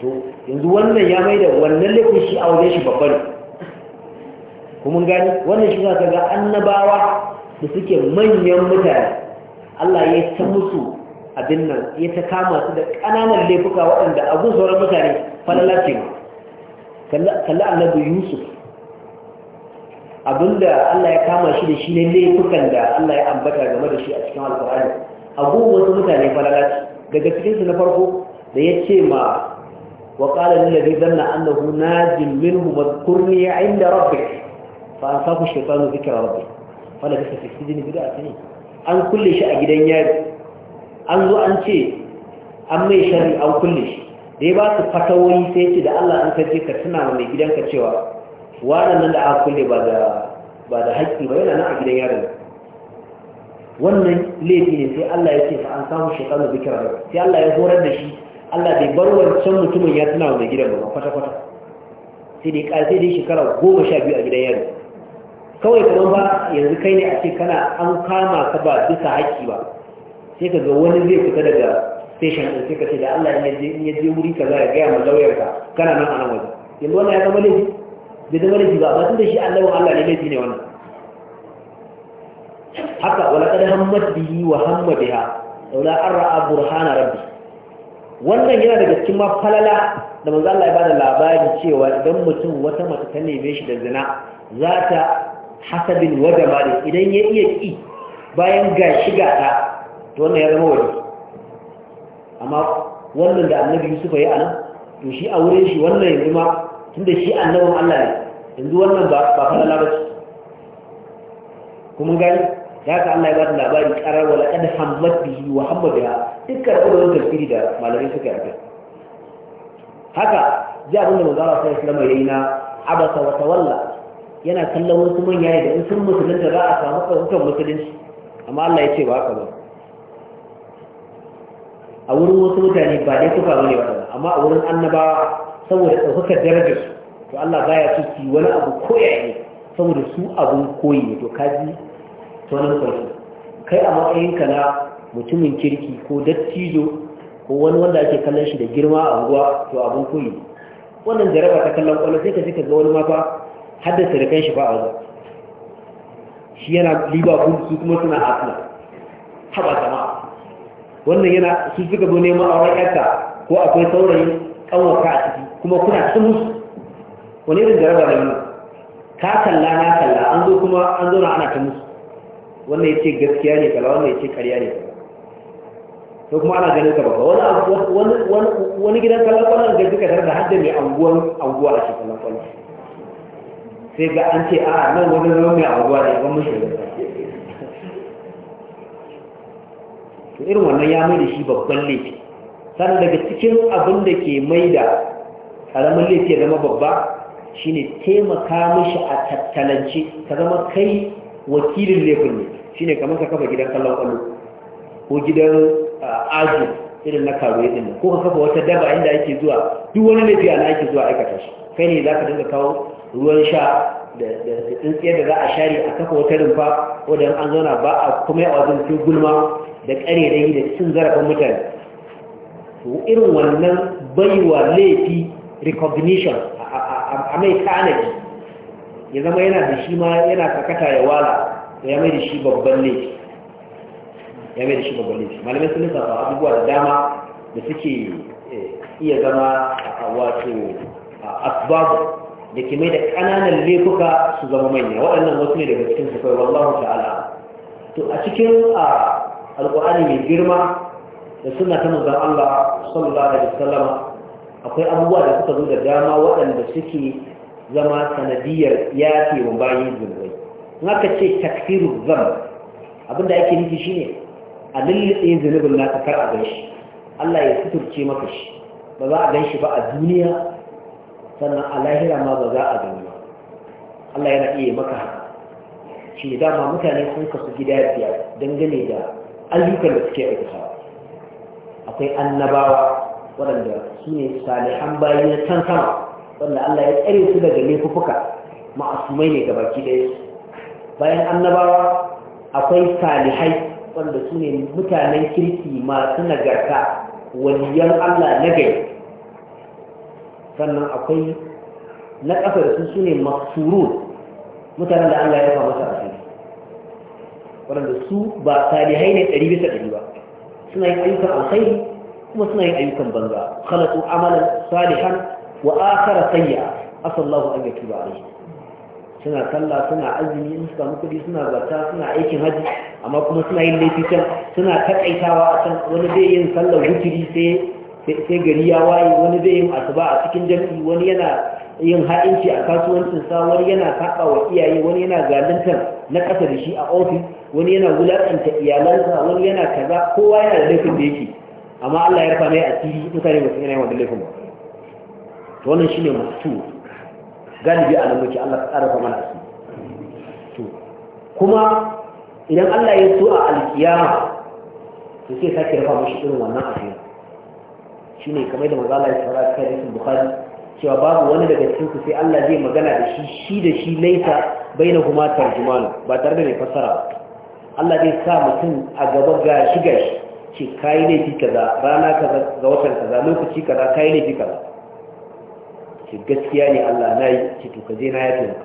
to yanzu wannan ya mai da wannan laifin shi a wajen shi babban kuma gani wannan shi za ka ga annabawa da suke manyan mutane Allah ya ta musu abin nan ya ta kama su da ƙananan laifuka waɗanda abin sauran mutane falala ce kalla annabi yusuf da Allah ya kama shi da shi ne laifukan da Allah ya ambata game da shi a cikin a abu wasu mutane falala daga cikinsu na farko da ya ce ma wa qala zanna ladhi na annahu ma kurni wadhkurni 'inda rabbi fa an shekaru shaytanu rabbi fa fala kasa fi sijni bid'a sani an kulle shi a gidan yari an zo an ce an mai shari an kulle shi da ya ba su fatawoyi sai ce da Allah an kaje ka tuna wa mai gidanka cewa waɗannan da aka kulle ba da haƙƙi ba yana nan a gidan yaron wannan laifi ne sai Allah ya ce fa an samu shekaru bikin da sai Allah ya horar da shi Allah bai bar wancan mutumin ya tuna wa mai gidan ba kwata kwata sai dai sai dai shekara goma sha biyu a gidan yaron kawai kuma ba yanzu kai ne a ce kana an kama ka ba bisa haƙƙi ba sai ka ga wani zai fita daga station ɗin sai ka ce da Allah in ya je wuri kaza ya gaya ma lauyar ka kana nan a nan waje yanzu wannan ya zama laifi bai zama laifi ba amma tunda shi shi wa Allah ne laifi ne wannan haka wala kada hammad bihi wa hammad biha laula burhana rabbi wannan yana daga cikin ma falala da manzo Allah ya bada labari cewa idan mutum wata mace ta neme shi da zina za ta hasabin wajamali idan ya iya ki bayan ga shiga ta to wannan ya zama waje? amma wannan da annabi yusufa ya anan to shi a wurin shi wannan yanzu ma tunda shi annabin Allah ne yanzu wannan ba ba falala ba ce kuma gani da ka Allah ya ba da labari karar wala kad hammat bihi wa hamma biha dukkan wannan tafsiri da malamai suka yi haka ji abin da manzo Allah sallallahu alaihi wasallam yayi na abasa wata walla, yana kallon wasu manya da in sun musulunta za a samu ɗaukar musulunci amma Allah ya ce ba haka ba a wurin wasu mutane ba dai kufa bane ba amma a wurin annabawa saboda ɗaukakar darajar su to Allah baya su ki wani abu koya ne saboda su abun koyi ne to kaji to nan farko kai a matsayinka na mutumin kirki ko dattijo ko wani wanda ake kallon shi da girma a unguwa to abun koyi ne wannan jaraba ta kallon kwallo sai ka je ka ga wani ma fa haddasa da kai shi ba a wani shi yana liverpool su kuma suna arsenal haba jama'a wannan yana su suka zo neman auren yarka ko akwai saurayi kanwaka a ciki kuma kuna cikin musu wani irin jaraba da yi ka kalla na kalla an zo kuma an zo na ana ta musu wannan ya ce gaskiya ne kala wannan ya ce karya ne ko kuma ana ganin ka baka wani gidan kallon kwallon da duka tare da hadda mai anguwan anguwa a cikin kallon sai ga an ce a nan wani zama mai anguwa ne ban mashi da to irin wannan ya mai da shi babban laifi sannan daga cikin abin da ke mai da ƙaramin laifi ya zama babba shine taimaka mishi a tattalance ka zama kai wakilin laifin ne shine kamar ka kafa gidan kallon kwallo ko gidan ah, aji irin na karo ne ko ka kafa wata daba inda ake zuwa duk wani laifi na ake zuwa aikata shi kai ne za ka dinga kawo ruwan sha da tsintsiyar da za a share a kafa wata rumfa wadda an zauna ba a kuma yawa zan fi gulma da ƙare da cin zarafin mutane to irin wannan baiwa laifi recognition a mai tanadi ya zama yana da shi ma yana sakata ya wala ya mai da shi babban laifi ya mai da shi babban laifi malamai sun lissafa abubuwa da dama da suke eh, iya zama a wato asbabu da ke mai da ƙananan laifuka su zama manya waɗannan wasu ne daga cikin sufai wallahu ta'ala to a cikin alƙur'ani mai girma da suna ta Allah sallallahu alaihi wasallam akwai abubuwa da suka zo da dama waɗanda suke zama sanadiyar yafe wa bayi zunubai in aka ce takfiru zam abinda ake nufi shine a lullube zunubin naka kar a gan shi Allah ya suturce maka shi ba za a gan shi ba a duniya sannan a lahira ma ba za a gan ba Allah yana iya maka haka shi dama mutane sun kasu gida biyar dangane da ayyukan da suke aikata akwai annabawa waɗanda su ne salihan bayi na can sama wanda Allah ya tsare su daga laifuka ma'asumai ne gabaki ɗaya bayan annabawa akwai salihai wanda su ne mutanen kirki masu nagarta waliyan Allah na gari sannan akwai na ƙasar su su ne masurun mutanen da Allah ya fa masa asiri waɗanda su ba salihai ne ɗari bisa ɗari ba suna yin ayyukan alkhairi kuma suna yin ayyukan banza khalaqu amalan salihan wa akhara sayya asallahu an yatuba alayhi suna sallah suna azumi in suka muku suna zakka suna aikin haji amma kuma suna yin laifi can suna takaitawa a can wani zai yin sallar wuturi sai sai gari ya waye wani zai yin asuba a cikin jami'i wani yana yin ha'inci a kasuwancinsa wani yana saba wa iyaye wani yana galantar na ƙasa da shi a ofis wani yana wulaƙanta iyalansa wani yana kaza kowa yana da laifin da yake amma Allah ya rufa a asiri mutane ba su yana yawan da laifin ba to wannan shine mutu galibi a nan muke Allah ya rufa mana su. to kuma idan Allah ya so a alkiyama to sai sake rufa mishi irin wannan abin shine kamar da manzo Allah ya fara cikin Bukhari cewa babu wani daga cikinku sai Allah zai magana da shi shi da shi bai na kuma tarjuman ba tare da mai fassara ba Allah zai sa mutum a gaba ga shi gashi ce kai laifi kaza rana kaza ga watan kaza lokaci kaza kai fi kaza ce gaskiya ne Allah na yi ce to kaje je na yafe maka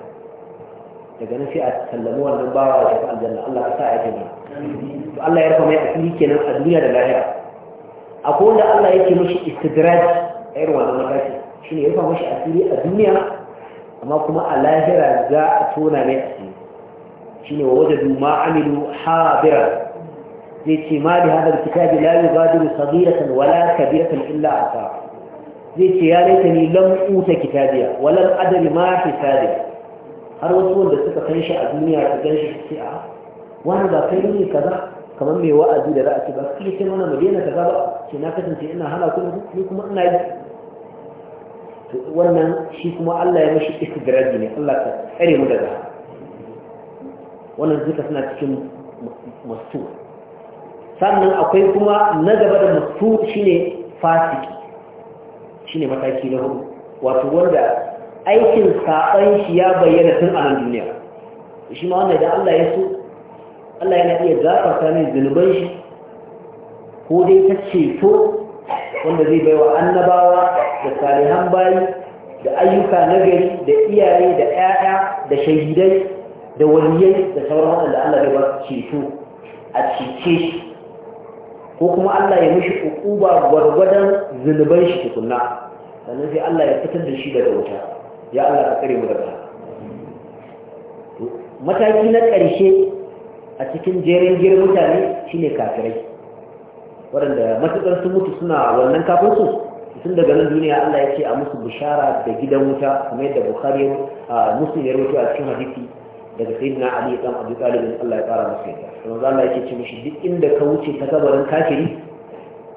daga nan sai a sallami wannan bawa da ta aljanna Allah ka sa yafe maka to Allah ya rufa mai asiri kenan a duniya da lahira akwai wanda Allah yake mishi istidraj a irin wannan mataki shi ne ya fama shi asiri a duniya amma kuma a lahira za a tona mai asiri shi ne wa wajen ma amilu habira zai ce ma da hadar kitabi la yugadiru saghiratan wala kabiratan illa ata zai ce ya laita ni lam uta kitabiya walam adri ma hisabi har wasu wanda suka san shi a duniya su gan shi sai a ah, wani ba kai ne kaza kamar mai wa'azi da za a ce ba su ce mana mu kaza ba ce na kasance ina hana ku ni kuma ina yi wannan shi kuma Allah ya mashi istidraji ne Allah ta tsare mu daga wannan duka suna cikin mastu sannan akwai kuma na gaba da mastu shine fasiki shine mataki na hudu wato wanda aikin saban shi ya bayyana tun a nan duniya shi ma wannan da Allah ya so Allah yana iya gafarta ne zunuban shi ko dai ta ceto wanda zai baiwa annabawa da salihan bayi da ayyuka nagari da iyaye da 'ya'ya da shahidai da waliyai da sauran waɗanda Allah ya ba ceto a cece shi ko kuma Allah ya mishi ukuba gwargwadon zunuban shi tukunna sannan sai Allah ya fitar da shi daga wuta ya Allah ka kare mu daga mataki na ƙarshe a cikin jerin girin mutane shine kafirai waɗanda matuƙar sun mutu suna wannan kafin sun, tun daga nan duniya Allah ya ce a musu bishara da gidan wuta kamar yadda Bukhari a Muslim ya a cikin hadisi daga Sayyidina Ali dan Abu Talib Allah ya fara masa yadda to Allah ya ce mishi duk inda ka wuce ta kabarin kafiri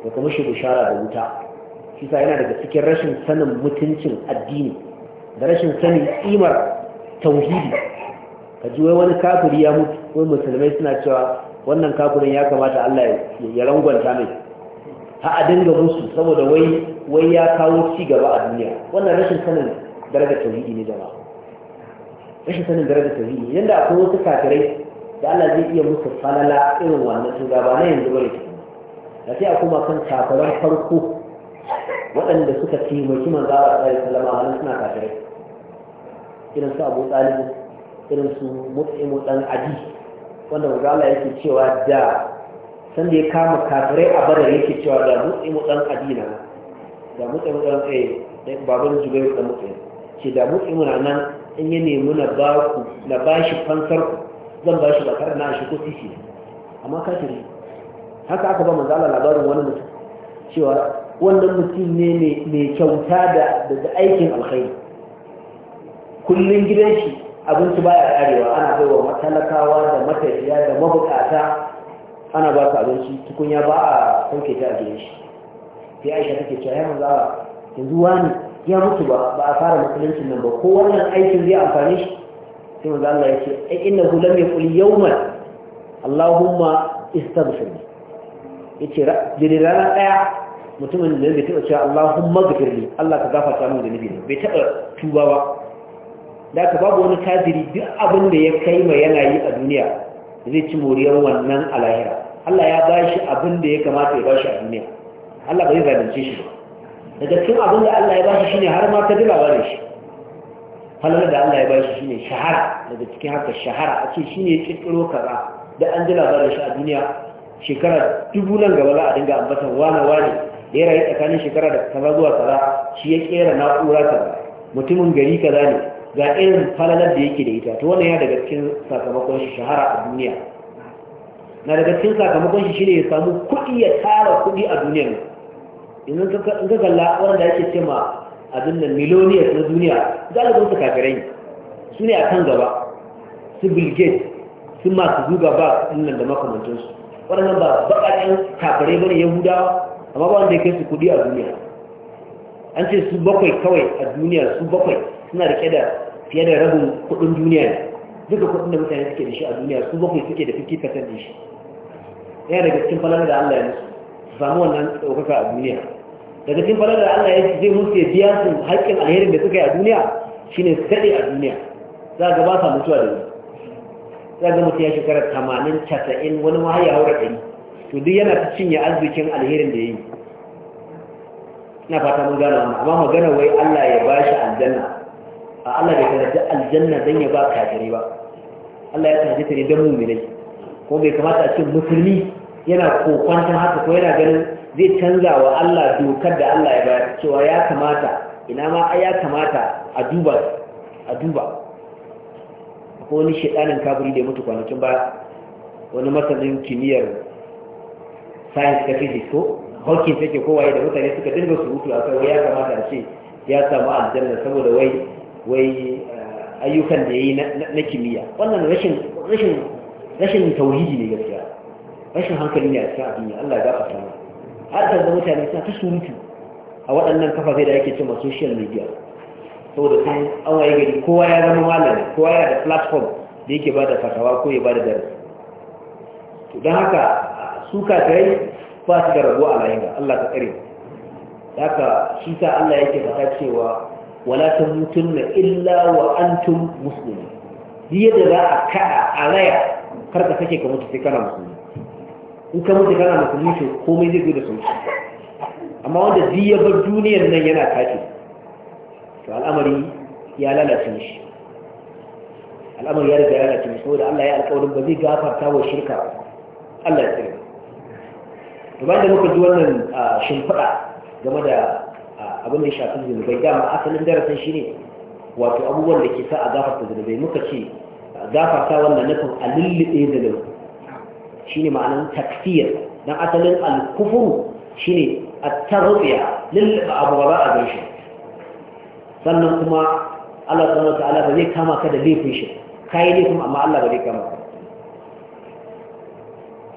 to ka mishi bishara da wuta shi sa yana daga cikin rashin sanin mutuncin addini da rashin sanin kimar tauhidi ka ji wai wani kafiri ya mutu wai musulmai suna cewa wannan kafirin ya kamata Allah ya rangwanta mai ha a dinga musu saboda wai wai ya kawo ci gaba a duniya wannan rashin sanin darajar tauhidi ne jama'a rashin sanin darajar tauhidi yanda akwai wasu kafirai da Allah zai iya musu falala irin wannan tuga ba na yanzu bane da sai akwai ma kan kafiran farko waɗanda suka taimaki manzo Allah sallallahu alaihi wasallam wannan suna kafirai irin su Abu Talib irin su Mut'im dan Adi wanda maza Allah yake cewa da san da ya kama kafirai a badar yake cewa da mutsi mu dan adina da mutsi mu dan tsaye eh, da baban jubairu da mutsi ce da mutsi mu nan in ya nemi na ba ku na ba shi fansar ku zan ba shi ba tare na shi ko sisi amma kafiri haka aka ba manzo Allah labarin wani mutum cewa wannan mutum ne mai kyauta da aikin alkhairi kullum gidan shi abinci baya karewa ana kai wa matalakawa da matafiya da mabukata ana ba su abinci tukunya ba a sauke ta a shi sai aisha take cewa ya manzo ba yanzu wani ya mutu ba ba a fara musulunci nan ba ko wannan aikin zai amfane shi sai manzo Allah ya ce ai hu lam yaqul yawman Allahumma istaghfir yace jiri rana daya mutumin da bai taba cewa Allahumma ghfirli Allah ka gafarta min da nabi bai taba tuba ba da ka babu wani kafiri duk abin da ya kai ma yanayi a duniya zai ci moriyar wannan a lahira Allah ya ba shi abin da ya kamata ya ba shi a duniya Allah ba zai zalunce shi ba daga cikin abin da Allah ya ba shi shine har ma ta ji labarin shi falalar da Allah ya ba shi shine shahara daga cikin haka shahara a ce shine ya kirkiro kaza da an ji labarin shi a duniya shekara dubu nan gaba za a dinga ambatan wane wane da ya rayu tsakanin shekara da kaza zuwa kaza shi ya kera na'ura kaza mutumin gari kaza ne ga irin falalar da yake da ita to wannan ya daga cikin sakamakon shi shahara a duniya na daga cikin sakamakon shi shine ya samu kuɗi ya tara kuɗi a duniya in ka kalla wanda yake ce ma abin nan miloniyar na duniya galibin su kafirai su ne a kan gaba su bill gates su masu zuga ba nan da makamantansu waɗannan ba baƙaƙen kafirai bane yahudawa amma ba wanda ya kai su kuɗi a duniya an ce su bakwai kawai a duniya su bakwai suna rike da fiye da rabin kudin duniya ne duka kudin da mutane suke da shi a duniya su bakwai suke da 50% da shi yana daga cikin falar da Allah ya musu su samu wannan ɗaukaka a duniya daga cikin falar da Allah ya zai musu ya biya su haƙƙin alherin da suka yi a duniya shine su daɗe a duniya za ga ba sa mutuwa da yi za ga mutu ya shekara tamanin casa'in wani ma ya haura ɗari to duk yana ta cinye arzikin alherin da ya yi ina fata mun gano amma magana wai Allah ya bashi aljanna a Allah bai karanta aljanna dan ya ba kafirai ba Allah ya tanadi ta ne don mu'minai ko bai kamata a ce musulmi yana kokwantan haka ko yana ganin zai canza wa Allah dokar da Allah ya bayar cewa ya kamata ina ma ai ya kamata a duba a duba ko wani shedanin kafiri da ya mutu kwanakin ba wani masanin kimiyyar science ta physics ko hokin take kowaye da mutane suka dinga su surutu a kai ya kamata a ce ya samu aljanna saboda wai wai eh, ayyukan da ya yi na kimiyya wannan rashin rashin tauhidi ne gaskiya rashin hankali ne a cikin abin Allah ya gafarta mu har da mutane suna ta surutu a waɗannan kafafe da ake cewa social media saboda sun an waye gari kowa ya zama malami kowa yana da platform da yake bada fatawa ko ya bada dare to don haka su kai ba su da rabo a layin Allah ka tsare haka shi sa Allah yake faɗa cewa wala ta mutunna illa wa antum musulmi duk yadda za a a raya kar ka sake ka mutu sai kana musulmi in ka mutu kana musulmi to komai zai zo da sauki amma wanda duk ya duniyar nan yana kaki, to al'amari ya lalace mishi al'amari ya riga ya lalace mishi saboda Allah ya alƙawarin ba zai shirka Allah ya to da muka ji wannan shimfiɗa game da abin da ya shafi zunubai dama asalin darasin shine wato abubuwan da ke sa a gafarta zunubai muka ce gafarta wannan nufin a lullube zunubi shine ma'anar takfir dan asalin alkufuru shine A tarbiya lullube abu ba a gaishe sannan kuma Allah subhanahu wataala ba zai kama ka da laifin shi kai laifin amma Allah ba zai kama ka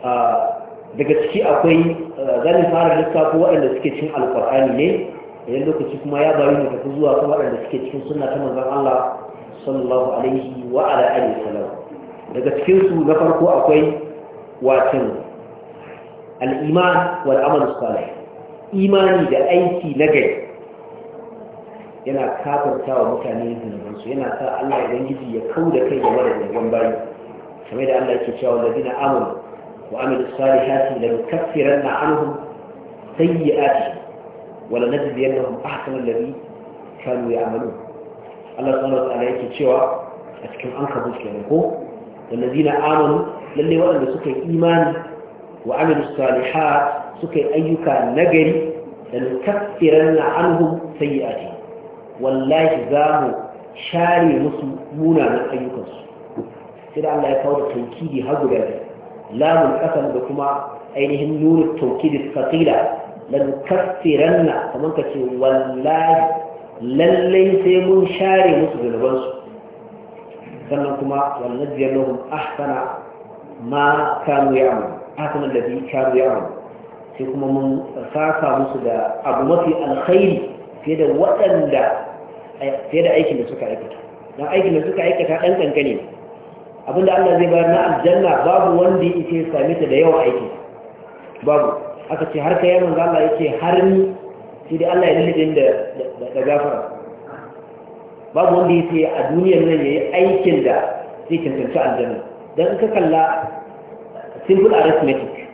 ah, daga ciki akwai ah, zanin fara lissafo waɗanda suke cin alƙur'ani ne yayin lokaci kuma ya bayu ne tafi zuwa kuma waɗanda suke cikin suna ta manzon Allah sallallahu alaihi wa ala alihi daga cikin su na farko akwai watin al-iman wal amal salih imani da aiki na gari yana kafarta wa mutane zunubansu yana sa Allah ubangiji ya kau da kai game da zunuban bayi kamar da Allah yake cewa ladina amanu wa amilu salihati la yukaffiranna anhum sayyi'atihim wala najziyannahum ahsana alladhi kanu ya'malun Allah subhanahu wa yake cewa a cikin ankabut kenan ko wallazina amanu lalle waɗanda suka yi imani wa amilu salihat suka yi ayyuka nagari da nukaffiran na anhum sayyi'ati wallahi za mu share musu munanan ayyukansu sai da Allah ya kawo da taukidi har da lamun kasan da kuma ainihin nuna taukidi sakila lanukaffiranna kamar ka ce wallahi lallai sai mun share musu zunubansu sannan kuma wannan jiyar lahum ahsana ma kanu ya'malu ahsana alladhi kanu ya'malu sai kuma mun saka musu da abu mafi alkhairi fiye da waɗanda eh, fiye da aikin da suka aikata dan aikin da suka aikata dan kankane abinda Allah zai bayar na aljanna babu wanda yake sami ta da yawan aiki babu aka ce har kai manzo Allah yake har ni shi dai Allah ya lullube da da gafara babu wanda ya ce a duniyar nan ya yi aikin da zai tantance aljanna don ka kalla simple arithmetic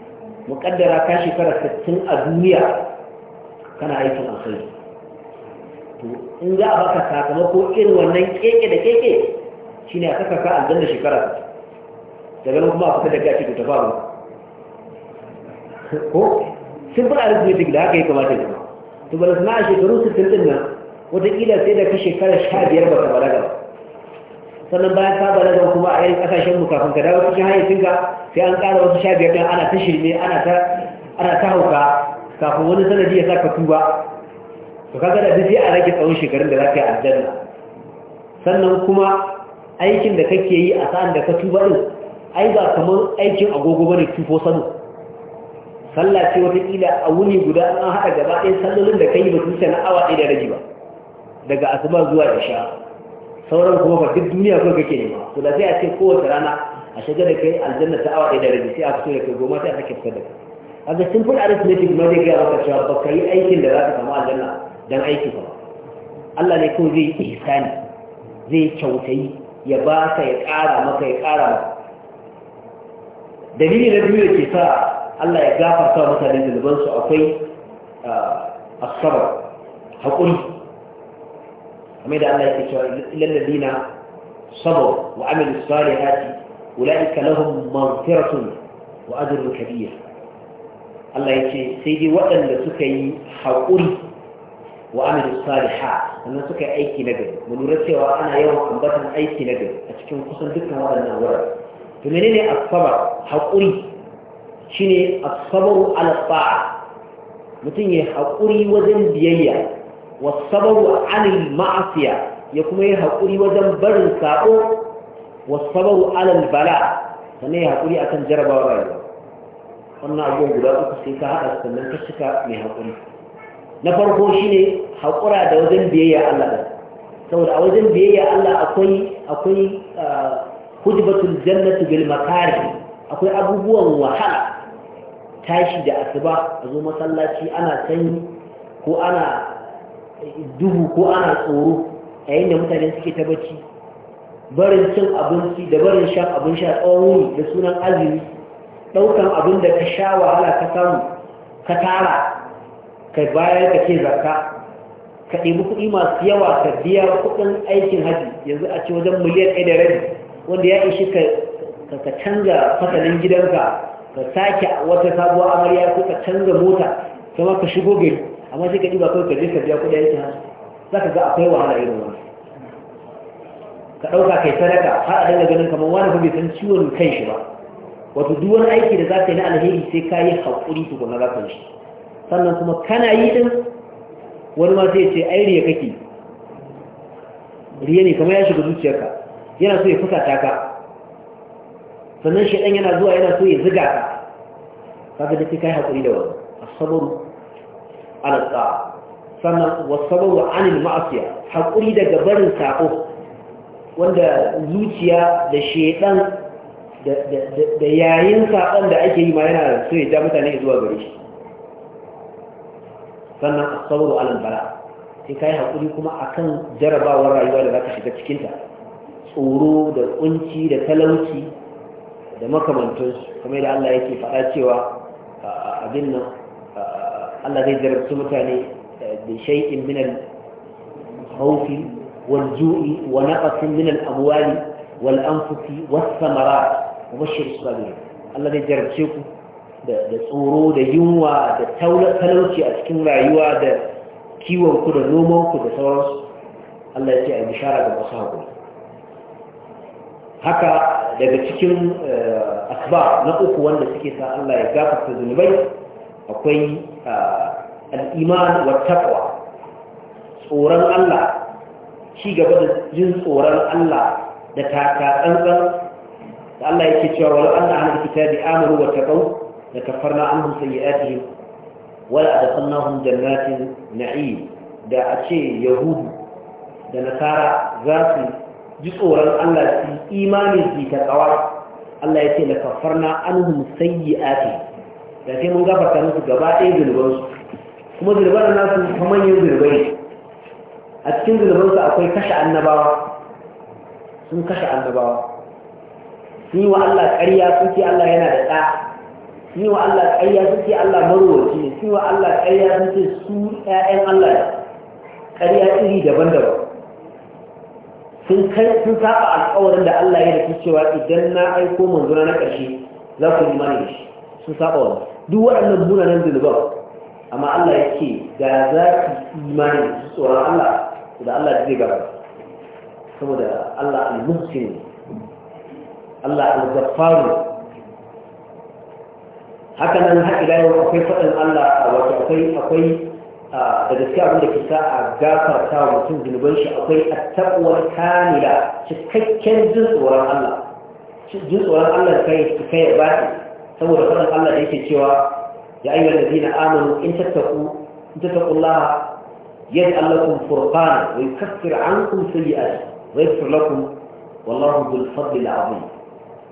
muƙaddara ka shekara 60 a duniya kana aikin alkhairi to in za a baka sakamako irin wannan keke da keke shine a saka ka aljanna shekara daga nan kuma a fita daga ake ta faru ko simple arithmetic da haka ya kamata ya zama to balas na a shekaru su din nan wataƙila sai da ka shekara 15 ba ka balaga ba sannan bayan ka balaga kuma a yayin kasashen mu kafin ka dawo cikin cinka sai an kara wasu 15 din ana ta shirme ana ta ana ta hauka kafin wani sanadi ya saka tuba to kaga da duk sai a rage tsawon shekarun da za ka yi aljanna sannan kuma aikin da kake yi a sa'an da ka tuba din ai ba kamar aikin agogo bane tufo sanu sallah ce watakila a wuni guda an haɗa gaba ɗaya sallolin da ka yi ba su wuce awa ɗaya da rabi ba daga asuba zuwa isha sauran kuma ba duk duniya kuma kake nema to da sai a ce kowace rana a shiga da kai aljanna ta awa ɗaya da rabi sai a fito da kai goma sai a sake fitar da kai kaga simple arithmetic ma zai gaya maka cewa ba ka yi aikin da za ka samu aljanna dan aiki ba Allah ne kawai zai yi ihsani zai kyautayi ya ba ka ya ƙara maka ya ƙara maka dalili na duniya ke sa Allah ya gafarta mutane zunuban su akwai asabar haƙuri kamar da Allah ya yake cewa da dina sabar wa amilu salihati ulaika lahum maghfiratun wa ajrun kabiya. Allah ya ce sai dai waɗanda suka yi haƙuri wa amilu salihat sannan suka yi aiki na gari mu lura cewa ana yawan ambatan aiki na gari a cikin kusan dukkan waɗannan wurare to menene asabar haƙuri shine as-sabru ala ta'a mutum ya haƙuri wajen biyayya wa sabru ala ma'afiya. ya kuma ya haƙuri wajen barin sako wa sabru ala bala sannan ya haƙuri akan jarabawa rayuwa wannan abubuwan guda uku sai ka haɗa sannan ka cika mai haƙuri na farko shine haƙura da wajen biyayya Allah da saboda a wajen biyayya Allah akwai akwai ah, hujbatul jannatu bil makari akwai abubuwan wahala tashi da asuba a zo masallaci ana sanyi ko ana duhu ko ana tsoro yin da mutane suke ta bacci barin cin abinci da barin shan abin sha tsawon da sunan azumi ɗaukan abin da ka sha wahala ka samu ka tara ka bayar ka ce zarka ka ɗebi kuɗi masu yawa ka biya kuɗin aikin haji yanzu a ce wajen miliyan ɗaya da rabi wanda ya ishi ka canza fasalin gidanka ka sake wata sabuwa amarya ko ka canza mota kuma ka shigo gari amma sai ka ɗiba kawai ka je ka biya kuɗi aikin hajji za ka ga akwai wahala irin wani ka ɗauka kai sadaka har a dinga ganin kamar wani ba bai san ciwon kan shi ba wato duk wani aiki da za ka yi na alheri sai ka yi haƙuri tukuna za ka yi sannan kuma kana yi din wani ma zai ce ai riya kake riya ne kamar ya shiga zuciyarka yana so ya fusa taka sannan shaidan yana zuwa yana so ya ziga ka kaga da kai hakuri da wannan as-sabr ala ta'a sannan was-sabr 'anil ma'asiya hakuri daga barin saƙo wanda zuciya da shaidan da yayin saƙon da ake yi ma yana so ya ja mutane zuwa gari shi sannan a sauro alin bala sai ka haƙuri kuma a kan jarabawar rayuwa da za ka shiga cikinta tsoro da kunci da talauci da makamantansu kamar da Allah yake faɗa cewa abin nan Allah zai jarabci mutane da eh, shay'in min haufi wal ju'i wa naqsin min amwali wal anfusi was samara, wa bashir sabirin Allah zai jarabce ku da tsoro da yunwa da talauci a cikin rayuwa da kiwon ku da noman ku da sauransu Allah ya ce a bishara ga masu haƙuri haka daga cikin eh, asba na uku wanda suke sa Allah ya gafarta zunubai akwai eh, al'iman wa taqwa tsoron Allah ci gaba da jin tsoron Allah da taka tsantsan da Allah yake cewa wal anna kita kitabi amanu wa taqaw la kaffarna anhum sayyi'atihim wa la adkhalnahum jannatin na'im da a ce yahudu da nasara za su ji tsoron Allah su imani su ta tsawa Allah ya ce da kafarna anhum ake, da sai mun gafarta musu gaba ɗaya zulban su kuma zulban nasu ta manyan zulbai a cikin zulban akwai kashe annabawa sun kashe annabawa sun yi wa Allah ƙarya sun ce Allah yana da ɗa sun yi wa Allah ƙarya sun ce Allah marwaci ne sun yi wa Allah ƙarya sun ce su ƴaƴan Allah ne ƙarya iri daban-daban sun kai sun saba alƙawarin da Allah ya rubuta cewa idan na aiko manzona na ƙarshe za ku imani da shi sun saba wa duk waɗannan munanan zunuban amma Allah ya ce da za ki imani da su tsoron Allah da Allah zai gaba saboda Allah al-muhsin Allah al-gaffaru haka nan har ila yau akwai faɗin Allah wato akwai akwai da gaske abin da ke a gafarta wa mutum zunuban shi akwai attabuwar kamila cikakken jin tsoron Allah jin tsoron Allah kai su kai ya baki saboda faɗin Allah da yake cewa ya ayyuhal ladina amanu in tattaqu in tattaqullaha يجعل لكم فرقانا ويكفر عنكم سيئات ويغفر da والله ذو الفضل العظيم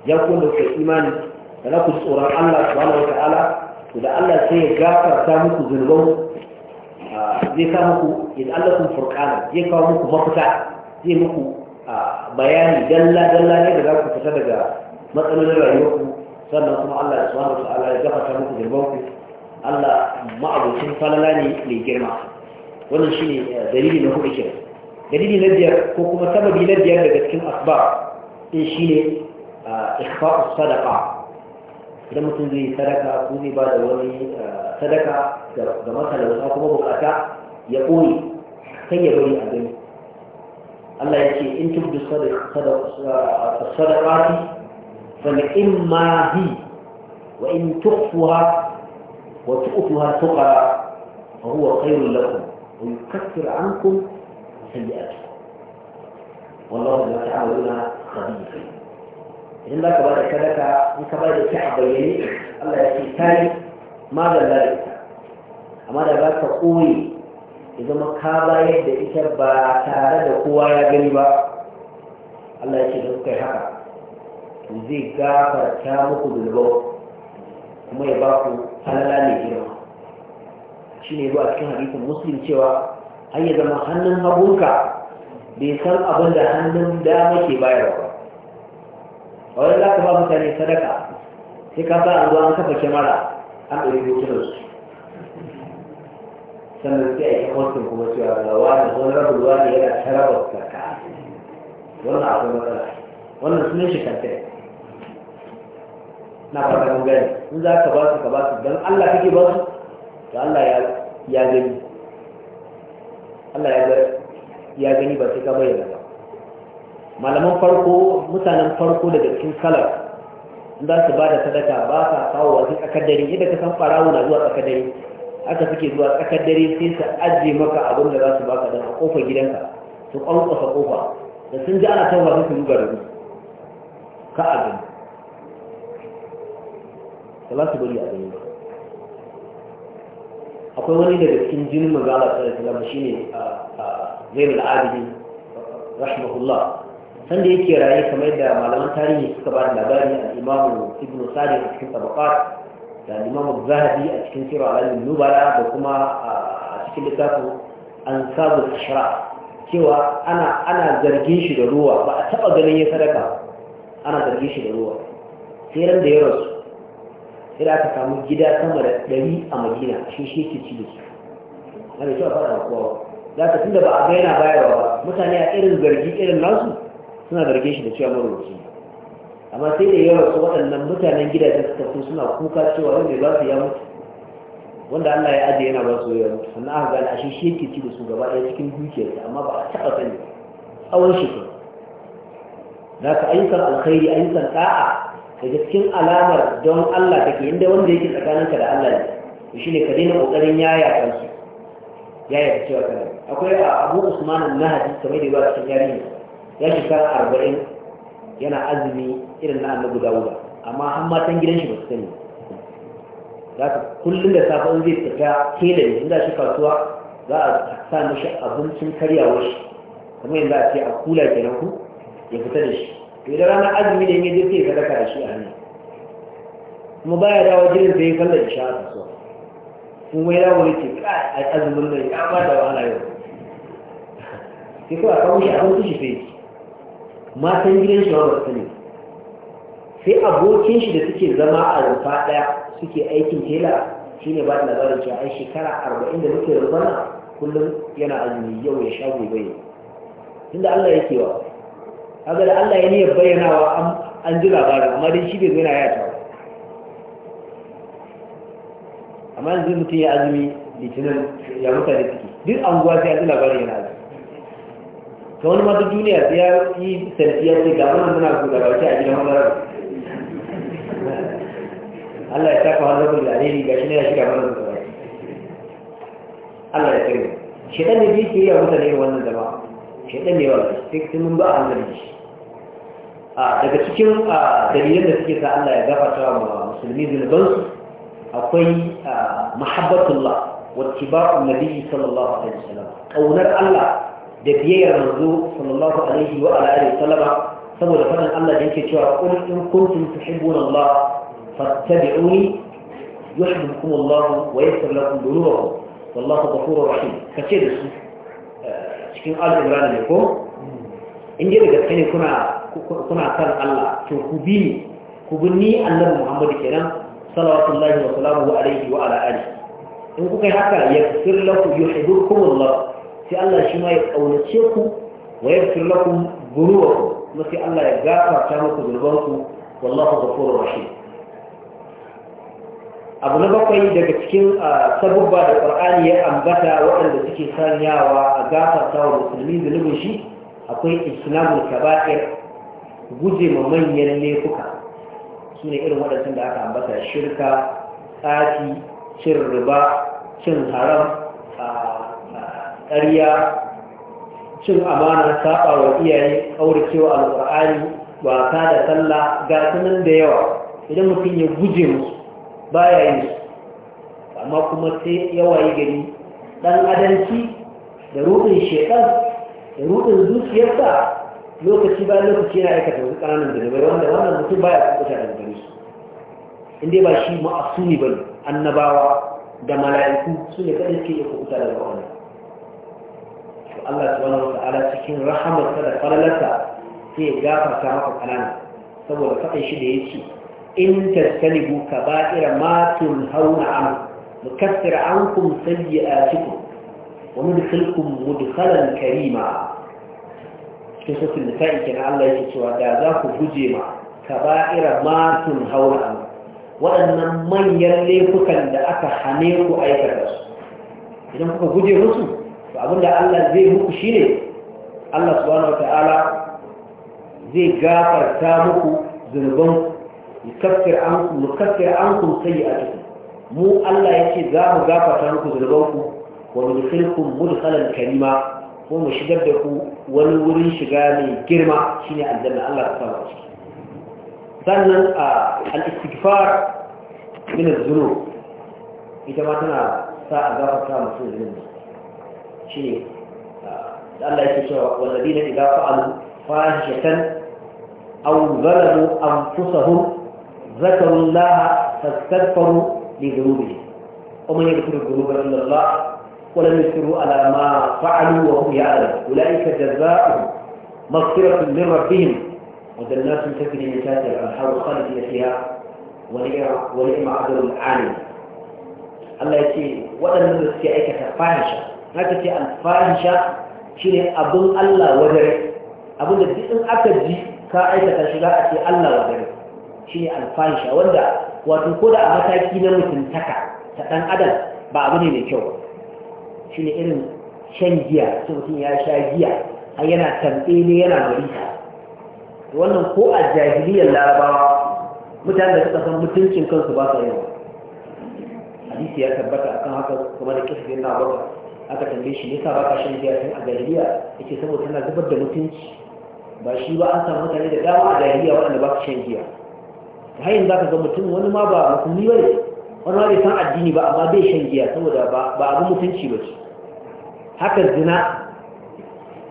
يقول لك ايمان لكم سورة الله سبحانه وتعالى إذا الله سيغفر muku zunuban. zai kawo muku yad'alakum furkana, zai kawo muku mafita zai muku bayani dalla dalla ne da za ku fita daga matsalolin rayuwarku sannan kuma Allah subhanahu wa ta'ala ya gafarta muku zurbanku Allah ma'abucin falala ne mai girma wannan shine eh, dalili na hudu kenan dalili na biyar ko kuma sababi na biyar daga cikin asbab din shine ikhfa'us sadaqa idan mutum zai sadaka ko zai ba da wani sadaka ga matalauta kuma bukata ya ɓoye kan ya bari a gani Allah ya ce in tubdu sadaqati fa ni'ma hi wa in tukhfuha wa tu'tuha al-fuqara fa huwa khairun lakum wa yukaffir 'ankum sayyi'atikum wallahu ta'ala khabir In za ka ba da sadaka in ka ba da shi a bayyane Allah ya ce kai magan da ita amma da za ka koyi ya zama ka bayar da ita ba tare da kowa ya gani ba Allah ya ce da kai haka, in zai gafarta muku dulba kuma ya ba ku halala mai girma shi ne zuwa cikin hadisin muslim cewa ya zama hannun hagunka bai san abin da hannun dama ke bayarwa wani za ka ba mutane sadaka sai ka sa an zo an kafa kyamara an ɗari hotunan su sannan sai a yi kwastin kuma cewa ga wani ruwa ne yana tarabar kaka wannan akwai matsala wannan sunan shi kanta na fara mun gani in za ka ba su ka ba su don Allah kake ba su to Allah ya gani Allah ya gani ba sai ka bayyana malaman farko mutanen farko daga cikin salaf za su ba da sadaka ba sa kawo wajen tsakar dare yadda ka san farawo na zuwa tsakar dare aka suke zuwa tsakar dare sai su ajiye maka abin da za su baka don a kofar gidanka su kwankwasa kofa da sun ji ana tawa su ruga da ka a gani ba za su bari a gani akwai wani daga cikin jinin magana sallallahu alaihi wasallam shine zainul abidin rahimahullah sanda yake raye kamar da malaman tarihi suka ba da labari a imamu ibn sadi a cikin tabaqat da imamu zahabi a cikin sirru alamin nubala da kuma a cikin littafin an sabu ashra cewa ana ana zargin shi da ruwa ba a taba ganin ya sadaka ana zargin shi da ruwa sai ran da ya rasu sai aka samu gida sama da ɗari a madina shi shi ke ci da su ana da cewa faɗa da kowa za ka tunda ba a ga yana bayarwa ba mutane a irin zargi irin nasu suna zargin shi da cewa maroki amma sai da yawan su waɗannan mutanen gidajen suka tafi suna kuka cewa wanda ba su ya mutu wanda Allah ya ajiye yana ba su ya mutu sannan aka gane a shi yake ci da su gaba ɗaya cikin dukiyarsa amma ba a taɓa sani tsawon shekaru da ka ayyukan alkhairi ayyukan ɗa'a daga cikin alamar don Allah ke inda wanda yake tsakaninka da Allah ne shi ne ka daina kokarin yaya kansu yaya ta cewa kana akwai abu usman na nahaji kamar da ba cikin tarihi ya shekara arba'in yana azumi irin na annabi dawuda amma har matan gidan shi ba su sani za ka kullum da safe in zai fita ke da yanzu za shi kasuwa za a sa mishi abincin karyawar shi kuma yanzu a ce a kula kenan ku ya fita da shi to idan ranar azumi da in yaje ke ya sadaka da shi a hannu kuma baya dawo jirin sai ya kalla da shi a kasuwa kun wai dawo ne ce kai a azumin nan ya ba da wahala yau sai kawai a kawo shi a kawo shi sai matan gidan shi ba su ne sai abokin shi da suke zama a rufa ɗaya suke aikin tela shi ne ba da labarin cewa ai shekara arba'in da muke rumfana kullum yana azumi yau ya sha gobe ne tunda Allah ya wa kaga da Allah ya niyyar bayyanawa an ji labarin amma dai shi bai zo yana ya ta amma yanzu mutum ya azumi litinin ya mutane suke duk anguwa sai an ji labarin yana azumi ta wani mata duniya ta ya yi sarfiya ce ga wannan muna guda baki a gidan mazarar Allah ya tafa wani zaɓin lalari ga shi ne ya shiga mana guda baki Allah ya tsere shaitan ne ke yi a mutane wannan zama shaitan ne wala sai sun mun ba a hankali shi daga cikin dalilin da suke sa Allah ya gafarta wa musulmi zunubansu akwai mahabbatullah wa tiba'un nabiyyi sallallahu alaihi wasallam kaunar Allah da biyayyar manzo sallallahu alaihi wa alihi sallama saboda fadan Allah da yake cewa kun in kuntum tuhibbuna Allah fattabi'uni yuhibbukum Allah wa yaghfir lakum dhunubakum wallahu ghafurur rahim kace da su cikin al-Imran ne ko in dai daga kane kuna kuna kan Allah to ku bi ni ku bi ni Annabi Muhammad kenan sallallahu alaihi wa sallam alihi in kuka yi haka yaghfir lakum yuhibbukum Allah sai Allah shi ma ya kaunace ku wa ya lakun guruwa ku. kuma sai Allah ya gafarta muku ku wallahu ghafurur rahim abu na bakwai daga cikin ah, sabubba da qur'ani ya ambata waɗanda suke sanyawa a gafarta wa musulmi zunubin shi akwai islamul kaba'ir guje ma manyan laifuka su ne irin waɗancan da aka ambata shirka tsafi cin riba cin haram ah, ƙarya cin amana saba wa iyaye kauracewa alƙur'ani wasa da sallah ga sunan da yawa idan mutum ya guje musu ya yi su amma kuma sai yawa yi gari ɗan adalci da rudin shekar da rudin zuciyarsa lokaci ba lokaci yana aikata wasu ƙananan da dabari wanda wannan mutum baya kuɓuta da dabari su inda ba shi ma'asumi ba annabawa da mala'iku su ne kaɗai ke iya kuɓuta daga dabari Allah subhanahu wa ta'ala cikin rahamarsa da falalarsa sai ya gafarta maka kanana saboda faɗin shi da yake in ba ira ma hauna an nukaffir ankum sayyi'atikum wa nudkhilkum mudkhalan karima cikin sosin ike na Allah yake cewa da za ku guje ma ira ma hauna an waɗannan manyan laifukan da aka hane ku aikata su idan kuka guje musu to abinda Allah zai muku shine Allah subhanahu wataala zai gafarta muku zunuban yukaffir ankum yukaffir a sayyi'atukum mu Allah yake za mu gafarta muku ku wa nudkhilkum mudkhalan karima ko mu shigar da ku wani wurin shiga mai girma shine aljanna Allah ta saba shi sannan al-istighfar min az-zunub ita ma tana sa a gafarta mutum zunubi شيء آه، لا يكتب والذين إذا فعلوا فاحشة أو ظلموا أنفسهم ذكروا الله فاستغفروا لذنوبهم ومن يذكر الذنوب إلا الله ولم يذكروا على ما فعلوا وهم يعلمون أولئك جزاؤهم مغفرة من ربهم وجنات تجري من تحتها الأنهار خالدين فيها ولئم عدل العالم الله يقول ولن يذكر أيك فاحشة haka ce alfahisha shi ne abin Allah wadare abin da duk in aka ji ka aikata shi za a ce Allah wadare shi ne alfahisha wanda wato ko da a mataki na mutuntaka ta ɗan adam ba abu ne mai kyau shi ne irin shan giya sun mutum ya sha giya har yana tamɓe ne yana marisa wannan ko a jahiliyar larabawa mutane da suka san mutuncin kansu ba su yawa hadisi ya tabbata akan haka kuma da kisa na bakar aka tambaye shi yasa baka shan giya tun a jahiliya yake saboda tana zubar da mutunci ba shi ba an samu mutane da dama a jahiliya waɗanda ba su shan giya ta hanyar za ka ga mutum wani ma ba musulmi ba ne wani ma bai san addini ba amma bai shan giya saboda ba abin mutunci ba ce haka zina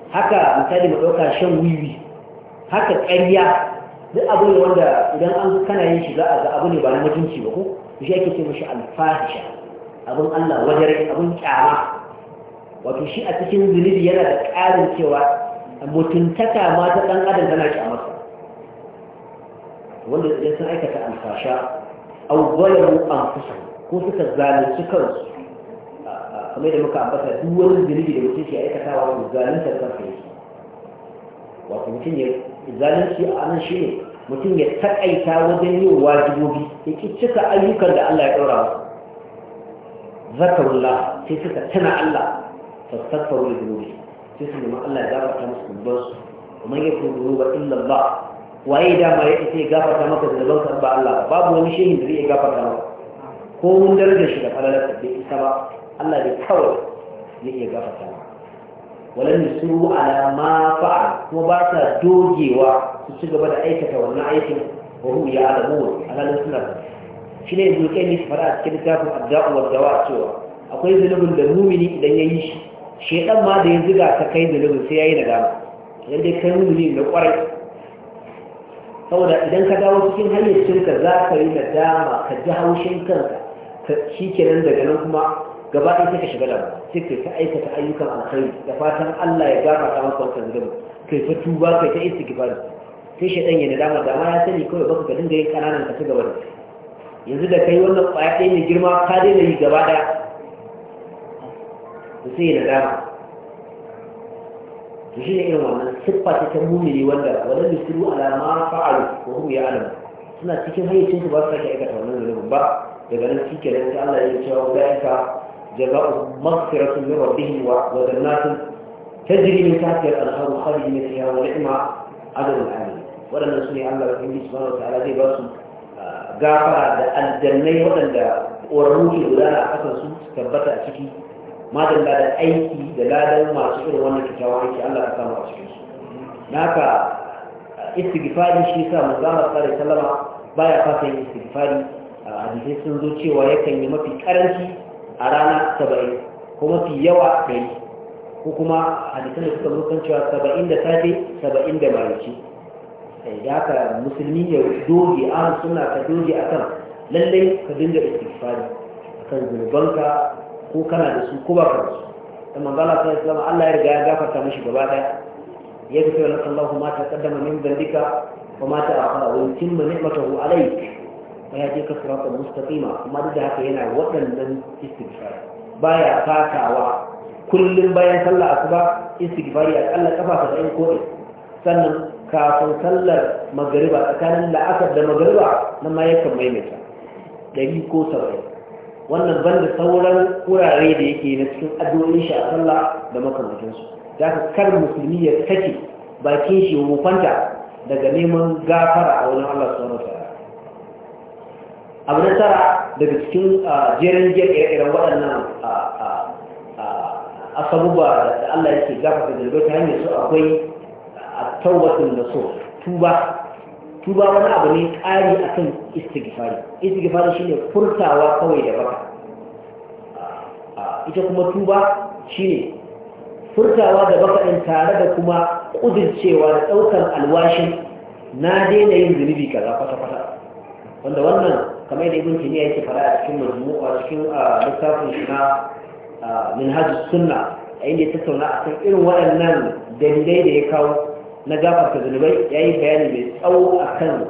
haka misali mu ɗauka shan wiwi haka ƙarya duk abu ne wanda idan an kana yin shi za a ga abu ne ba na mutunci ba ko shi ake ce mashi alfahisha abin Allah wajen abin kyama wato shi a cikin zunubi yana da ƙarin cewa mutuntaka ma ta ɗan adam tana shi a masa wanda idan sun aikata alfasha au zalamu anfusahum ko suka zalunci kansu kamar da muka ambata duk wani zunubi da mutum ke aikatawa wato zalunta kansa yake wato mutum ya zalunci a nan shi ne mutum ya taƙaita wajen yin wajibobi ya ƙi cika ayyukan da Allah ya ɗora masa zakarullah sai suka tana Allah فاستغفروا لذنوبهم dhunubi ما الله يغفر Allah ya gafarta musu zunuban su man yakun dhunuba illa Allah waye da ma ya isa ya gafarta maka zunuban ka ba Allah babu wani shehin da zai gafarta maka ko mun darajar shi da falalar da isa ba Allah ne kawai ya iya gafarta maka walan yusru ala ma fa'a kuma ba sa dogewa su ci gaba da aikata wannan aikin wa hum ya'lamun da shi ne zuke ne fara cikin littafin addu'a wa dawa cewa akwai zunubin da mumini idan ya yi shi shedan ma da ya ziga ta kai zunubin sai ya yi da dama idan dai kai ne da kwarai saboda idan ka dawo cikin cinka za ka yi da dama ka ji haushin kanka shi kenan daga nan kuma gaba ɗaya sai ka shiga da sai kai ta aikata ayyukan alkhairi da fatan Allah ya gafarta maka wannan zunubi kai ta tuba kai ta istighfar sai shedan ya nadama da ma ya sani kawai baka ka dinga yin kananan ka ci gaba yanzu da kai wannan kwaya ɗaya mai girma ka daina yi gaba ɗaya mutum yana dama to shi ne irin wannan siffa ta ta mumini wanda wadda misiru alama fa'alu ko hum ya alamu suna cikin hayyacin su ba su sake aikata wannan zunubin ba daga nan shi kenan sai Allah ya cewa ulaika jaza'u maghfiratun min rabbihim wa jannatun tajri min tahtiha al-anharu khalidina fiha wa ni'ma adadul alamin wadannan sune Allah ya yi subhanahu wa ta'ala zai ba su gafara da aljannai waɗanda ƙwararru ke gudana a ƙasar su tabbata a ciki madan da aiki da ladan masu irin wannan kyakkyawan aiki Allah ka samu a cikin su naka istighfari shi sa manzo Allah sallallahu alaihi baya fasa yin istighfari hadisi sun zo cewa yakan yi mafi karanci a rana 70 ko mafi yawa kai ko kuma hadisin da suka zo kan cewa 70 da safe 70 da maraice sai eh, da ka musulmi ya doge an suna ka doge akan lallai ka dinga istighfari akan zunubanka ko kana da su ko ba ka da su da manzala sai islam Allah ya riga ya gafarta mishi gaba daya ya fi sai Allahu ma ta kaddama min dambika wa ma ta akhara wa yutimma ni'matahu alayk wa yahdika siratan mustaqima kuma duk da haka yana waɗannan istighfar baya fatawa kullum bayan sallah asuba istighfari akalla kafa 70 ko sannan kafin sallar magariba tsakanin la'asar da magariba nan ma yakan maimaita dari ko 70 wannan banda sauran kurare da yake na cikin addu'o'in shi a sallah da su za ka kar musulmi ya take bakin shi wufanta daga neman gafara a wajen Allah subhanahu wataala abu na tara daga cikin jerin jiyar ire waɗannan asabuba da Allah yake gafata da ta hanyar su akwai a tawbatin da tuba tuba wani abu ne ƙari akan istigifari shi shine furtawa kawai da baka ita kuma tuba shine furtawa da baka ɗin tare da kuma ƙudircewa da ɗaukar alwashin na daina yin zunubi kaza kwata-kwata wanda wannan kamar da ibn ya yake fara a cikin a cikin littafin shi na minhajus sunna a inda ya tattauna kan irin waɗannan dalilai da ya kawo na gafarta zunubai ya yi bayani mai tsawo a kan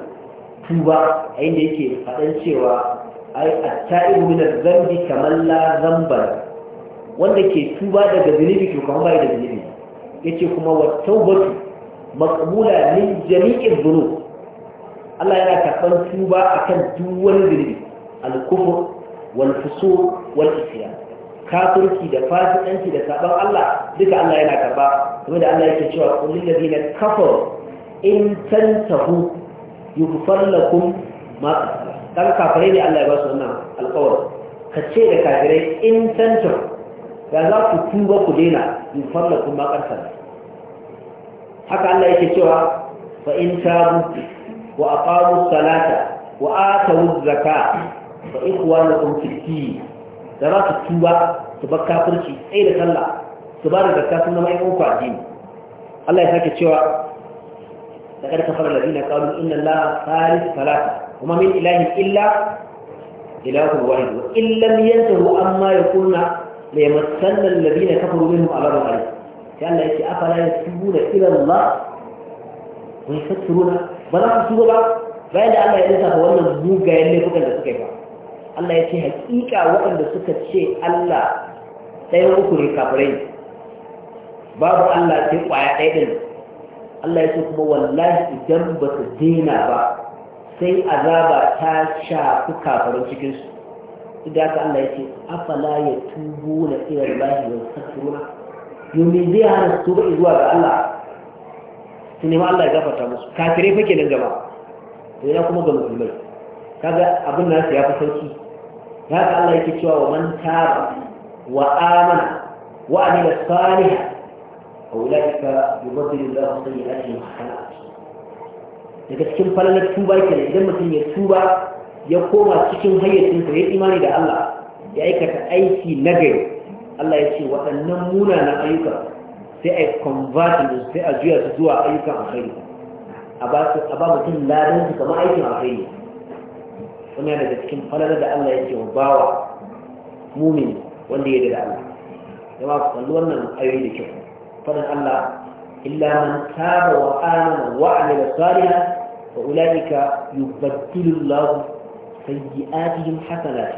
tuba a inda yake faɗan cewa yi a minar zambi kamar la zambar wanda ke tuba daga zunubi ke kuma bai da zunubi ya ce kuma wa taubatu makamula min jami'in zunu Allah yana karɓar tuba akan duk wani zunubi al-kufur wal wal kafirci da fasikanci da sabon Allah duka Allah yana karba kuma da Allah yake cewa kullu ladina kafar in tantahu yughfar lakum ma dan kafare ne Allah ya ba su wannan alƙawari ka ce da kafirai in tantahu da za ku tuba ku dena yughfar lakum ma qarsal haka Allah yake cewa fa in tabu wa aqamu salata wa atu zakata fa ikhwanukum fi din da za ku tuba su bar kafirci sai da sallah su ba da zakka sun zama ƴan uku addini Allah ya sake cewa da kada kafara ladina qalu inna allaha salis salata kuma min ilahin illa ilahun wahid wa illam yantahu amma yakuna la yamassanna alladhina kafaru minhum azabun alim sai Allah yake afala yatubuna ila Allah wa yafassiruna ba za su tuba ba bayan da Allah ya lissafa wannan mugayen laifukan da suka yi ba Allah ya ce hakika waɗanda suka ce Allah ɗayan uku ne kafirai babu Allah sai kwaya ɗaya ɗin Allah ya ce kuma wallahi idan ba su dina ba sai azaba ta shafi kafirin cikinsu idan ka Allah ya ce afala ya tubu na ilar lahi wa sakiruna yomi zai hana su tuba zuwa ga Allah su nema Allah ya gafarta musu kafirai fa kenan gaba to ina kuma ga musulmai kaga abin nasu ya fi sauki ka Allah ya yake cewa wa man taba وآمن وعمل صالحا أولئك يبدل الله سيئاتهم حسنات daga cikin falalar tuba ke idan mutum ya tuba ya koma cikin hayyacinsa ya imani da Allah ya aikata aiki na gari Allah ya ce waɗannan munanan ayyuka sai a yi convertin sai a juya su zuwa ayyukan alkhairi a ba mutum ladan su kamar aikin alkhairi wannan daga cikin falon da Allah ya ce wa bawa mumin wanda ya da Allah jama'a ku kalli wannan ayoyi da kyau fadan Allah illa man taba wa amana wa amila salihan fa ulaika yubaddilu Allah sayyi'atihim hasanat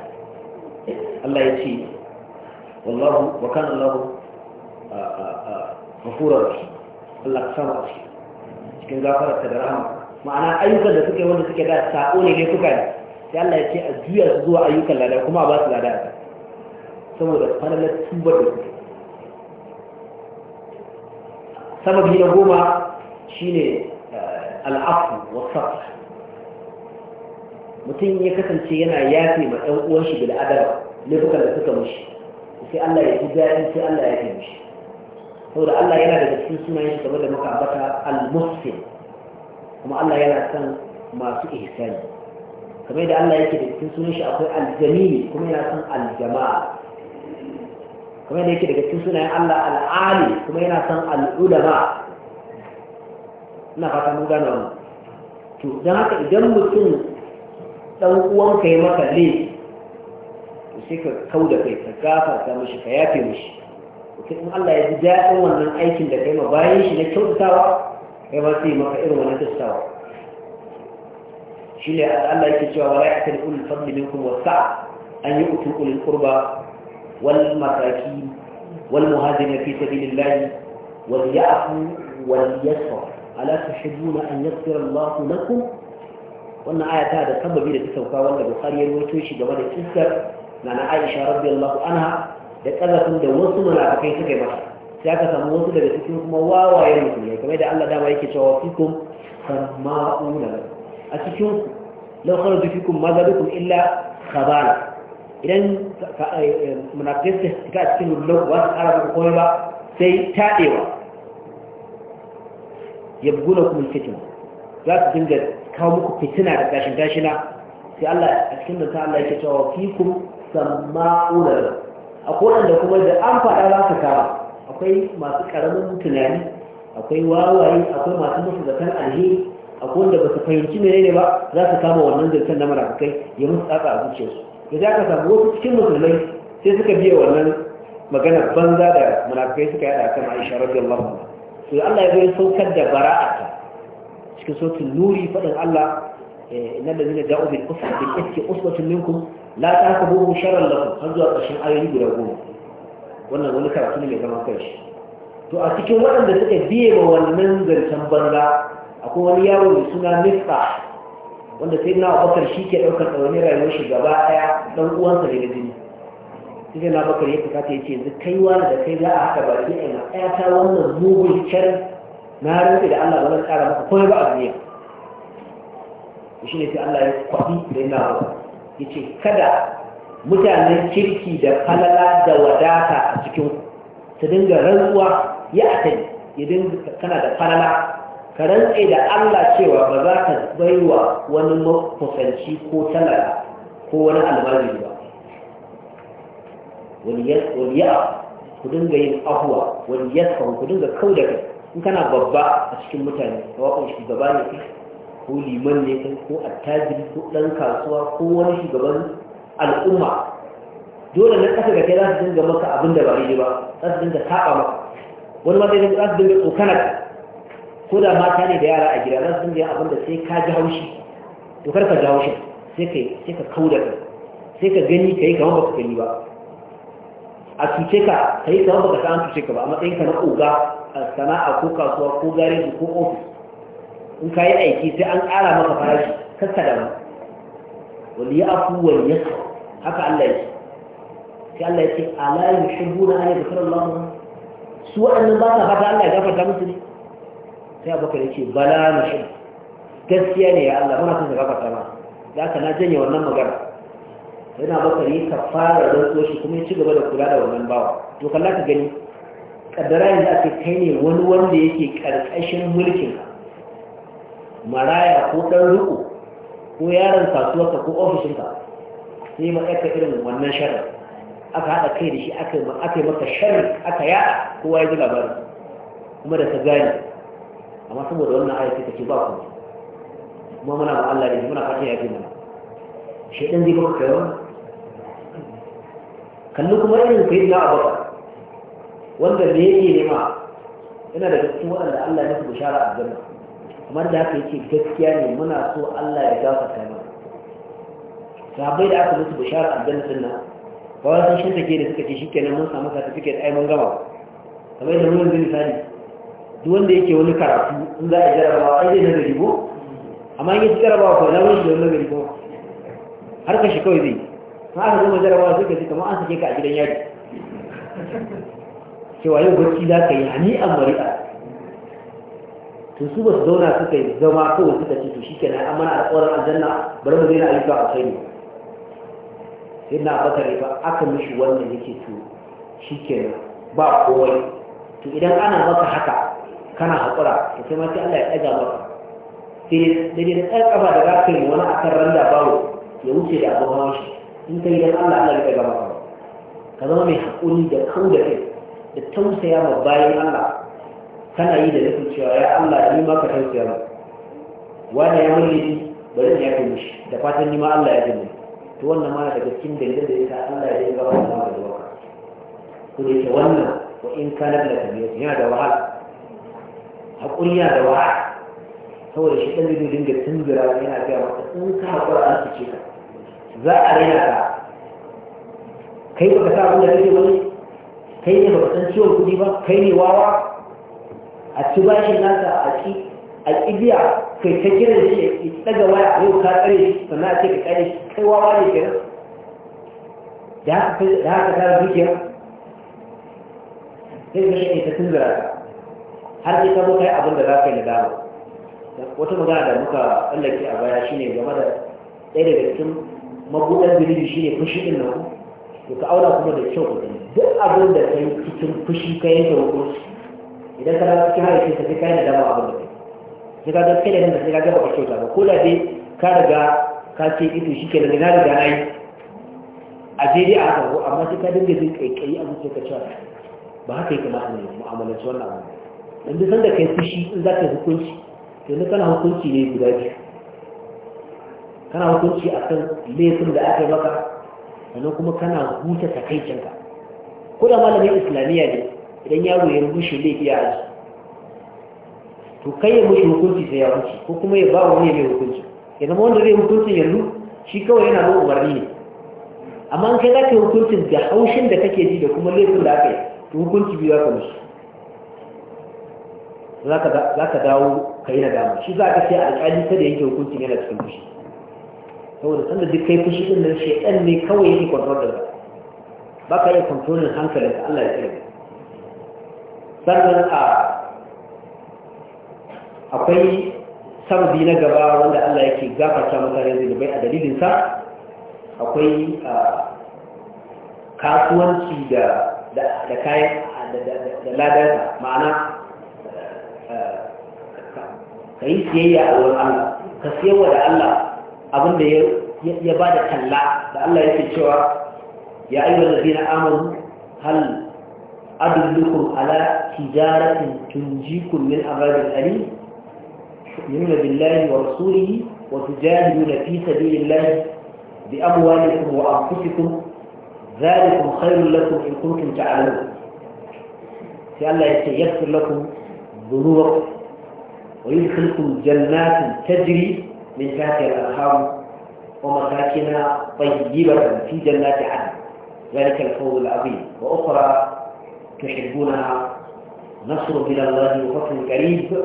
Allah ya ce wallahu wa kana Allah ghafurur Allah ka sama shi cikin gafararsa da rahama ma'ana ayyukan da suke wanda suke da sa'o ne ne kuka yi sai Allah ya ce a juya su zuwa ayyukan lada kuma a ba su lada a saboda falalar tubar da kuke sababi na goma shine al'afu wa mutum ya kasance yana yafe ma ɗan uwan shi bil adaba laifukan da suka mushi sai Allah ya ji daɗi sai Allah ya ji mushi saboda Allah yana daga cikin sunayen shi kamar da muka ambata al-muhsin kuma Allah yana son masu ihsani kamar da Allah yake da cikin sunan shi akwai al-jamil kuma yana son al-jama'a kuma yana yake daga cikin sunayen Allah al'ali kuma yana san al'ulama ina fata mun gane wannan to dan haka idan mutum dan ka yi maka le to sai ka kauda kai ka gafa ka mishi ka yafe mishi mutum in Allah ya ji daɗin wannan aikin da kai ma bayan shi na kyautatawa kai ma sai maka irin wannan kyautatawa shi ne Allah yake cewa wala ya tali ulul fadli minkum wasa an yi utul ulul qurba والمساكين والمهاجرين في سبيل الله وليعفوا وليسروا ألا تحبون أن يغفر الله لكم وأن آية هذا سببي التي سوف وأن البخاري يروي شيء جمال الإسر لأن عائشة رضي الله عنها لقلت da wasu munafikai suka yi masa sai aka samu wasu daga cikin kuma wawayen musulmai kamar da Allah dama yake cewa fikum sama'una a cikin ku law kharaju fikum illa khabala idan eh, eh, munafisai suka a cikin lullu ba su ko komai ba sai taɗewa ya buguna kuma fitina za su dinga kawo muku fitina da gashin gashina sai Allah a cikin da ta Allah yake cewa fi kun a kodin da kuma da an faɗa za su kama akwai masu ƙaramin tunani akwai wawaye akwai masu musu zaton alheri akwai wanda ba su fahimci menene ba za su kama wannan zirkan na marafikai ya musu tsaka a zuciyarsu da za ka samu wasu cikin musulmai sai suka biya wannan magana banza da munafikai suka yada kan aisha radiyallahu anha to Allah ya zo saukar da bara'ata cikin sautin nuri fadin Allah eh, inna allazina ja'u bil kufri bil ifki usbatun minkum la tahsabuhu sharran lakum har zuwa ƙarshen ayoyi guda goma wannan wani karatu ne mai zaman kanshi to a cikin waɗanda suka biye wa wannan zancen banza akwai wani yaro mai suna Mista. wanda sai na bakar shi ke ɗaukar tsawani rayuwar shi gaba ɗaya ɗan uwansa da jini sai na abubakar ya fita ya ce yanzu kai wa da kai za a haɗa baki a yana ta wannan mugun can na rufe da Allah ba tsara maka komai ba a duniya shi ne sai Allah ya kwafi da yana ba ya ce kada mutanen kirki da falala da wadata a cikin su dinga rantsuwa ya a ya dinga kana da falala ka rantse da Allah cewa ba za ka baiwa wani makusanci ko talaka ko wani almajiri ba wani ya ku dinga yin ahuwa wani ya ku dinga kau da kai in kana babba a cikin mutane sawa'un shugaba ne kai ko liman ne kai ko attajiri ko ɗan kasuwa ko wani shugaban al'umma dole na ƙasa ga kai za su dinga maka abin da ba yi ba za su dinga taɓa maka wani ma zai za su dinga tsokanar ko da mata ne da yara a gida nan sun dinga abinda sai ka ji haushi to kar ka ji haushi sai ka sai ka kauda sai ka gani kai kamar baka gani ba a cuce ka kai kamar baka san cuce ka ba a matsayin ka na a sana'a ko kasuwa ko gareji ko ofis in ka yi aiki sai an ƙara maka farashi kasta da mu wani ya afu wani ya haka Allah ya ce sai Allah ya ce ala ayyuka an yaghfira Allah su waɗannan ba ka fata Allah ya gafarta musu ne sai abubakar ya bala na shi gaskiya ne ya Allah muna son ka gafarta ma da aka na janye wannan magana sai na bakar yi ka fara rantsuwa shi kuma ya ci gaba da kula da wannan bawa to kalla ka gani kaddara yanzu ake kai ne wani wanda yake karkashin mulkin maraya ko dan riko ko yaron kasuwarka ko ofishinka sai ma aka irin wannan sharar aka haɗa kai da shi aka yi maka sharar aka yada, kowa ya ji labarin kuma da ta gane amma saboda wannan ayat take ba ku kuma muna ba Allah ne muna fata ya ji mana shedan zai baka kai kallu kuma irin kai da abaka wanda me yake ma yana daga cikin waɗanda Allah ya musu bishara a janna amma da haka yake gaskiya ne muna so Allah ya gafarta mana sahabbai da aka musu bishara a janna sunna ba wani sun shanta ke da suka ce shikenan mun samu certificate ai mun gama kamar yadda mun yanzu misali duk wanda yake wani karatu in za a jarabawa ai zai nazari ko amma in yi jarabawa ko na wani shi nazari ko har ka shi kawai zai ma aka zama jarabawa sai ka ji kamar an sake ka a gidan yaji cewa yau barci za ka yi hani a mari'a to su ba su zauna suka yi zama kawai suka ce to shi kenan an mana alƙawarin aljanna bari mu daina alifa a sani sai na bakare ba aka mishi wannan yake to shi kenan ba kowai to idan ana maka haka kana haƙura to sai ma Allah ya ɗaga maka sai da dai ɗan ƙafa da za ka yi wani akan randa bawo ya wuce da abin hawa shi in ka yi Allah Allah ya ɗaga maka ka zama mai haƙuri da kau da kai da tausaya ma bayan Allah kana yi da nufin cewa ya Allah ni ma ka tausaya ma wani ya mulki bari in yafe mishi da fatan ni ma Allah ya gani to wannan ma daga cikin dalilan da yasa Allah ya yi gaba da maka Ku ko da wannan wa in kana da tabiya yana da wahala haƙuri yana da wahala saboda shi ɗan zai dinga tunzura yana gaya maka in ka haƙura an su ce ka za a raina ka kai baka sa abin da kake wani kai ne baka san ciwon kuɗi ba kai ne wawa a ci bashin nasa a ci a ƙibiya kai ta kiran shi ya ɗaga waya a yau ka tsare shi sannan a ce ka tsare shi kai wawa ne kenan da haka ta zuciya sai ka shi ta tunzura ka har ita muka yi kai abin da za ka yi nadama wata magana da muka tsallake a baya shine game da ɗaya daga cikin mabuɗan shi ne fushi ɗin nan to ka aura kuma da kyau kuɗi duk abin da kai yi cikin fushi ka yanke hukunci idan ka dawo cikin harshe ka sai ka yi nadama abin da kai sai ka ga kai da nan da sai ka gaba kyau ta ba ko da dai ka riga ka ce ito shi ke da na riga na yi a daidai a haka ko amma sai ka dinga jin ƙaiƙayi a ka cewa ba haka yi kamata ne mu'amalanci wannan abu yanzu sanda kai fushi in za ka hukunci yanzu kana hukunci ne guda biyu kana hukunci a kan laifin da aka yi maka sannan kuma kana huta takaicinka ko da malamin islamiyya ne idan yaro ya rushe laifi a aji to kai ya mushi hukunci sai ya hukunci ko kuma ya ba wani mai hukunci ya zama wanda zai hukunci yanzu shi kawai yana da umarni ne amma an kai za ka yi hukuncin da haushin da kake ji da kuma laifin da aka yi to hukunci biyu za ka mushi za ka dawo ka yi nadama shi za ka sai alƙali ta da yanke hukuncin yana cikin fushi saboda sanda duk kai fushi ɗin nan shaidan ne kawai yake kwantar da ba ka iya kwantonin hankalin Allah ya tsira sannan a akwai sababi na gaba wanda Allah yake gafarta mutane zunubai a dalilinsa akwai kasuwanci da kayan da ladarsa ma'ana ka yi siyayya a wurin Allah ka siyarwa da Allah abin da ya ba da talla da Allah yake cewa ya ayyuhal ladina amanu hal adullukum ala tijaratin tunjikum min azabin alim yu'minu billahi wa rasulihi wa tujahiduna fi sabilillahi bi amwalikum wa anfusikum ذلكم خير لكم إن كنتم تعلمون في الله يغفر لكم ذنوبكم ويدخلكم جنات تجري من تحتها الأنهار ومساكن طيبة في جنات عدن ذلك الفوز العظيم وأخرى تحبونها نصر من الله وفضل قريب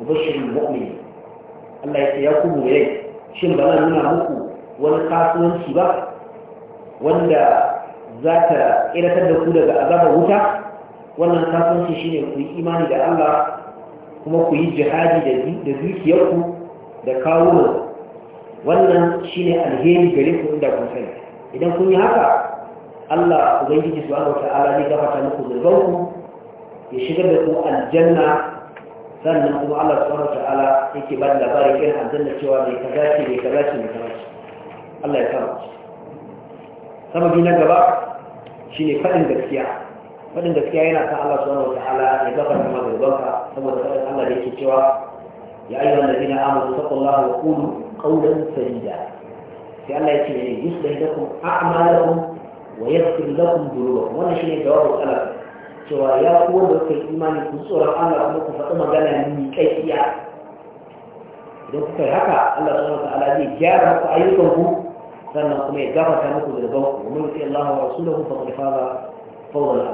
وبشر المؤمن الله يتيقظ إليه shin ba zan nuna muku wani kasuwanci ba wanda za ta ƙiratar da ku daga azabar wuta wannan kasuwanci shine ku yi imani da Allah kuma ku yi jihadi da dukiyarku da kawo wannan shine alheri gare ku inda kun sani idan kun yi haka Allah ubangiji subhanahu wataala zai gafarta muku zunubanku ya shigar da ku aljanna sannan kuma Allah su subhanahu wataala yake ba da labarin irin aljanna cewa mai kaza ce mai kaza ce mai kaza ce Allah ya kama sababi na gaba shi ne faɗin gaskiya fadin gaskiya yana san Allah subhanahu wataala ya gafarta da zubanka saboda fadin Allah yake cewa ya ayyuhan ladina amanu taqullaha wa qulu qawlan sadida sai Allah yake ne yuslih lakum a'malakum wa yaghfir lakum dhunubakum wannan shine jawabu salaf cewa ya ku wanda kuka imani ku tsoron Allah kuma ku faɗi magana ni kai iya idan kuka yi haka Allah subhanahu wataala zai gyara muku ayyukanku sannan kuma ya gafarta muku zunubanku wa man yuti Allah wa rasulahu faqad faza fawwal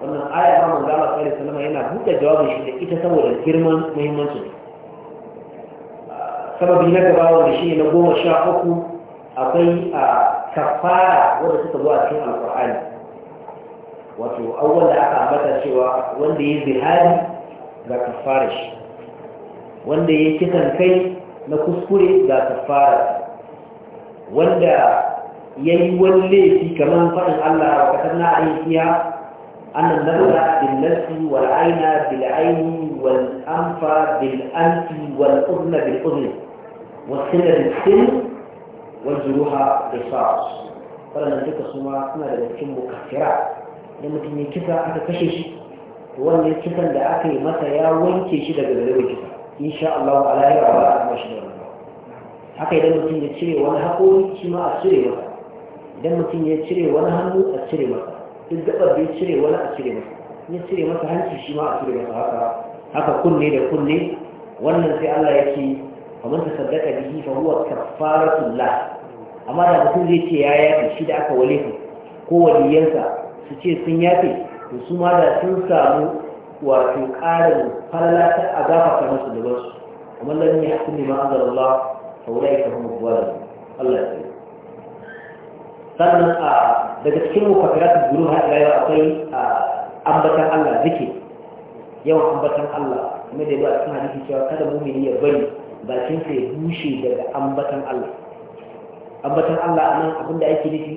wannan aya ma manzo Allah yana buɗe jawabin shi da ita saboda girman muhimmanci sababi na gaba wanda shi na goma sha uku akwai a kafara wanda suka zo a cikin alqur'ani wato awwal da aka ambata cewa wanda ya zihari ga kafara shi wanda ya kisan kai na kuskure ga kafara wanda yayi wani laifi kamar faɗin Allah wa katanna alayhiya annan nabra bil nafsi wal aina bil aini wal anfa bil anfi wal udhna bil udhni wal sinna bil sin wal juruha qisas wannan su ma suna da cikin mukaffira da mutum ya kisa aka kashe shi wannan kisan da aka yi masa ya wanke shi daga zalibin kisa insha Allah ta'ala ya rabu a mashi da haka idan mutum ya cire wani haƙori shi ma a cire masa idan mutum ya cire wani hannu a cire masa duk gabar da ya cire wani a cire masa ya cire masa hanci shi ma a cire masa haka haka kunne da kunne wannan sai Allah ya ce kamar ta sadaka bihi fa huwa kafaratun la amma da mutum zai ce ya yafe shi da aka walefa ko waliyansa su ce sun yafe to su ma da sun samu wato ƙarin falala ta a gafarta musu da wasu amma lam yahkum ma anzala Allah fa ulai ka hum Allah ya sannan a daga cikin mukafirat guru har ila akwai ambatan Allah zike yawan ambatan Allah kuma da yawa sun hadisi cewa kada mumini ya bari bakin sa ya bushe daga ambatan Allah ambatan Allah a nan abinda ake nufi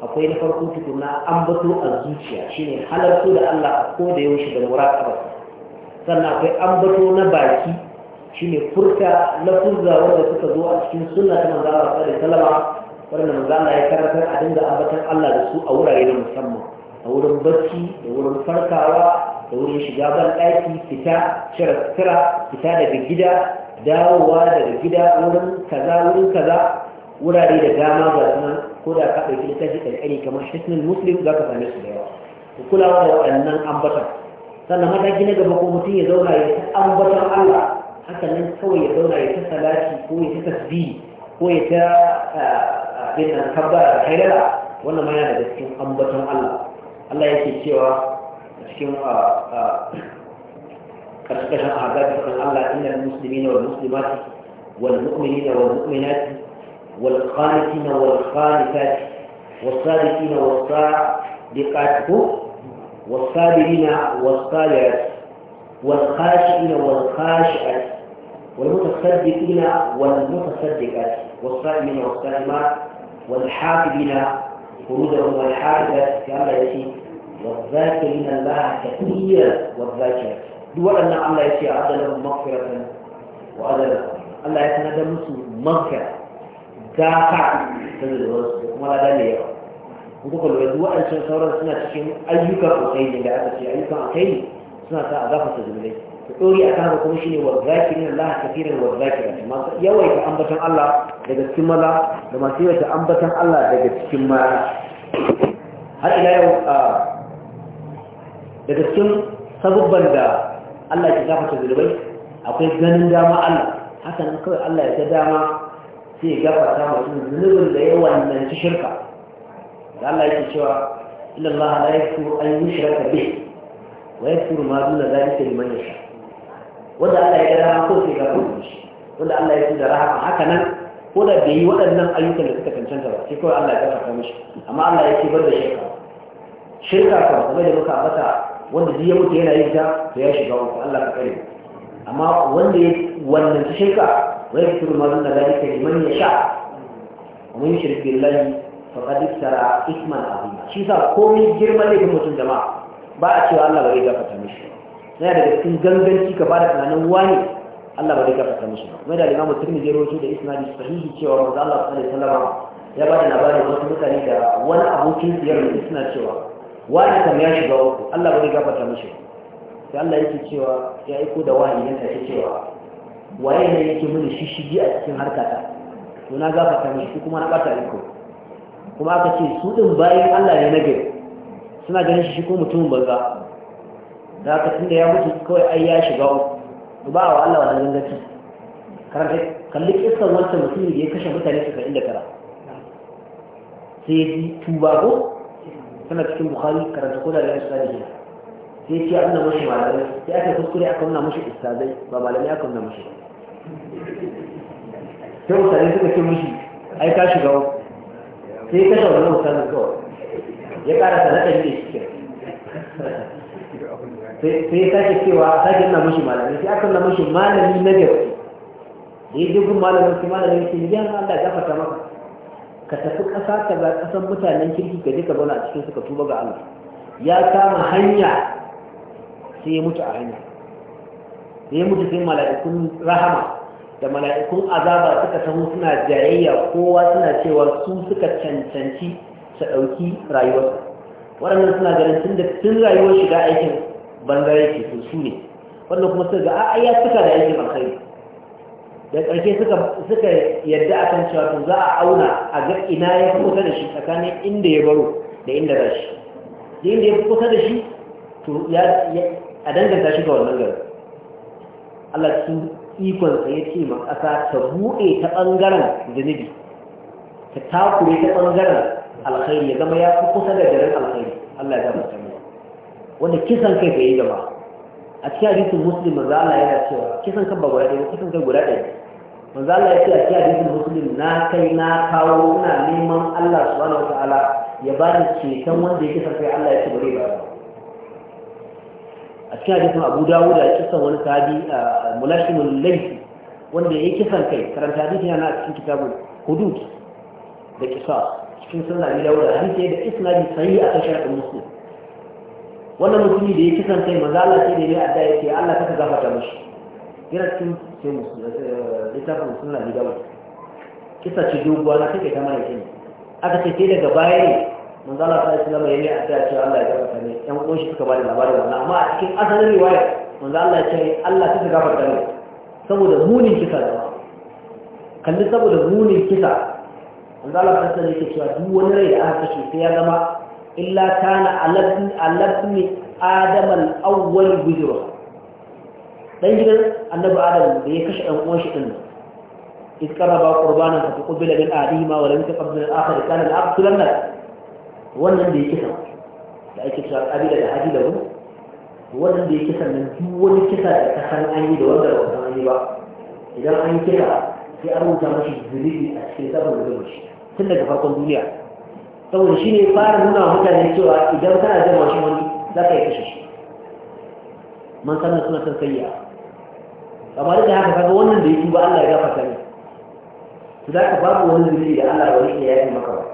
akwai na farko tukuna ambato a zuciya shine halartu da Allah ko da yaushe da muraqaba sannan akwai ambato na baki shine furta furzawa da suka zo a cikin sunna ta manzo Allah sallallahu alaihi wasallam wanda manzo ya karatar a dinga ambatar Allah da su a wurare na musamman a wurin bacci da wurin farkawa da wurin shiga ban ɗaki fita shirar fita daga gida dawowa daga gida wurin kaza wurin kaza wurare da dama ga sunan ko da ka ɗauki littafi ƙarƙari kamar hisnul muslim za ka same su da yawa kulawa da waɗannan ambatan sannan mataki na gaba ko mutum ya zauna ya ta ambatar Allah haka nan kawai ya zauna ya ta salati ko ya ta tasbihi ko ya ta eh, zai ɗan kabbara da haidara wannan ma yana daga cikin ambaton Allah Allah yake cewa a cikin ƙarƙashin ahadabi kan Allah innal muslimina wal muslimati wal mu'minina wal mu'minati wal qanitina wal qanitati was sadiqina was sadiqati was sabirina was sabirati والخاشعين والخاشعات والمتصدقين والمتصدقات والصائمين والصائمات والحافظين فروجهم والحافظات كما يسي والذاكرين الله كثير والذاكرة دول أن الله يسي عد لهم مغفرة وعدل الله يسي مسو مغفرة دافع تنزل وسط ولا دليل وكل ويدوا أن سنة سنة تشين أيك أخير لأبتي أيك أخيني سنة أضافة تزمليه tsori a kan kuma ne wa zakirin Allah kafiran wa zakirin masu yawaita ambatan Allah daga cikin maza da masu yawaita ambatan Allah daga cikin mara har ila yau daga cikin sabubban da Allah ke gafarta zulubai akwai ganin dama Allah hakan kawai Allah ya ga dama sai ya gafarta mutum zunubin da ya ci shirka da Allah yake cewa inna Allah la yaghfiru an yushraka bihi wa yaghfiru ma duna dhalika liman yasha wanda Allah ya dama ko sai ga kuma shi wanda Allah ya yi da rahama haka nan ko da bai yi waɗannan ayyukan da suka cancanta ba sai kawai Allah ya kafa mishi amma Allah ya ce bar da shirka shirka kan kuma da muka mata wanda duk ya mutu yana yin ta to ya shiga uku Allah ka kare amma wanda ya wannan shirka wai fitur mazan da zai kai man ya sha mun shirki billahi faqad iftara isman azima shi sa komai girman ne laifin mutum jama'a ba a cewa Allah bai gafarta mishi yana daga cikin ganganci ka bada tunanin wani Allah ba zai gafarta musu ba kuma da Imam Tirmidhi rawaito da isnadi sahihi cewa Manzo Allah sallallahu alaihi wasallam ya ba bada labarin wasu mutane da wani abokin siyar da suna cewa wani kam ya shiga uku Allah ba zai gafarta musu sai Allah yake cewa ya aiko da wani yanka yake cewa waye ne yake mini shishigi a cikin harkata to na gafarta mishi kuma na bata iko kuma aka ce su din bayan Allah ne na gari suna ganin shi ko mutumin banza da aka tun da ya mutu kawai ai ya shiga uku ba wa Allah wannan gangaci karanta kalli kissan wancan mutumin da ya kashe mutane saba'in da tara sai ya tuba ko tana cikin bukhari karanta ko da ya shiga da gina sai ce an na mashi malamai sai aka kuskure aka nuna mashi ustazai ba malamai aka nuna mashi sai mutane suka ce mashi ai ka shiga sai ka wannan ustazai kawai ya ƙara sanata ne shi ke sai ya sake cewa sake na mashi malami sai aka na mashi malami na gaske da yi jirgin malamin sai malamin sai yan Allah ya gafarta maka ka tafi ƙasa ka ga ƙasan mutanen kirki ka duka ka zauna a cikin suka tuba ga Allah ya kama hanya sai ya mutu a hanya Sai ya mutu sai mala'ikun rahama da mala'ikun azaba suka taho suna jayayya kowa suna cewa su suka cancanci su ɗauki rayuwarsa waɗannan suna ganin tun da tun rayuwar shiga aikin banza yake su su ne wannan kuma suka ga a ya suka da yake alkhairi da ƙarshe suka yadda a kan cewa to za a auna a ga ina ya fi kusa da shi tsakanin inda ya baro da inda za shi da inda ya fi kusa da shi to ya a danganta shi ga wannan gari Allah ikon sa ya ce ma ƙasa ta buɗe ta ɓangaren zunubi ta takure ta ɓangaren alkhairi ya zama ya fi kusa da garin alkhairi Allah ya zama ta mu wanda kisan kai ka yi gaba. a cikin hadisin muslim manzo Allah yana cewa kisan kan ba guda ɗaya kisan kai guda ɗaya manzo Allah ya ce a cikin hadisin muslim na kai na kawo ina neman Allah subhanahu wataala ya ba ni ceton wanda ya kisan kai Allah ya ce bare ba a cikin hadisin Abu Dawud ya kisan wani sahabi mulashimul laifi wanda ya kisan kai karanta hadisin yana cikin kitabun hudud da kisa cikin sunan da Dawud hadisi da isnadi sahih a kan sharadin muslim wannan mutumin da ya kisan kai maza Allah ce da ya adda ya ce Allah kaka gafarta mashi yana cikin sai eh, littafin suna ni gaba. kisa ce doguwa na kake ta mana kini aka ce sai daga baya ne manzo Allah ta alaihi wasallam ya yi adda cewa Allah ya gafarta ne ɗan uwan suka ba da labarin wannan amma a cikin asalin riwaya manzo Allah ya ce Allah kaka gafarta ne saboda munin kisa da kalli saboda munin kisa manzo Allah sallallahu alaihi wasallam ya ce cewa duk wani rai da aka kashe sai ya zama illa kana alabni adam al-awwal gujra dan gidan annabi adam da ya kashe ɗan uwan shi din إذ قربا قربانا فتقبل من أهلهما ولم يتقبل الآخر كان العبد لنا wannan da ya kisa da ake cewa ƙabila da hadi lahu wannan da ya kisa nan duk wani kisa da ta san an yi da wanda ba san an yi ba idan an kisa sai an rubuta mashi zunubi a cikin sabon zunubi tun daga farkon duniya saboda shi ne fara nuna mutane cewa idan kana jin shi wani za ka yi kashe shi man sannan suna kan sayya kamar da haka kaga wannan da ya tuba Allah ya gafarta ne to za ka babu wani zunubi da Allah ba ya yayi maka ba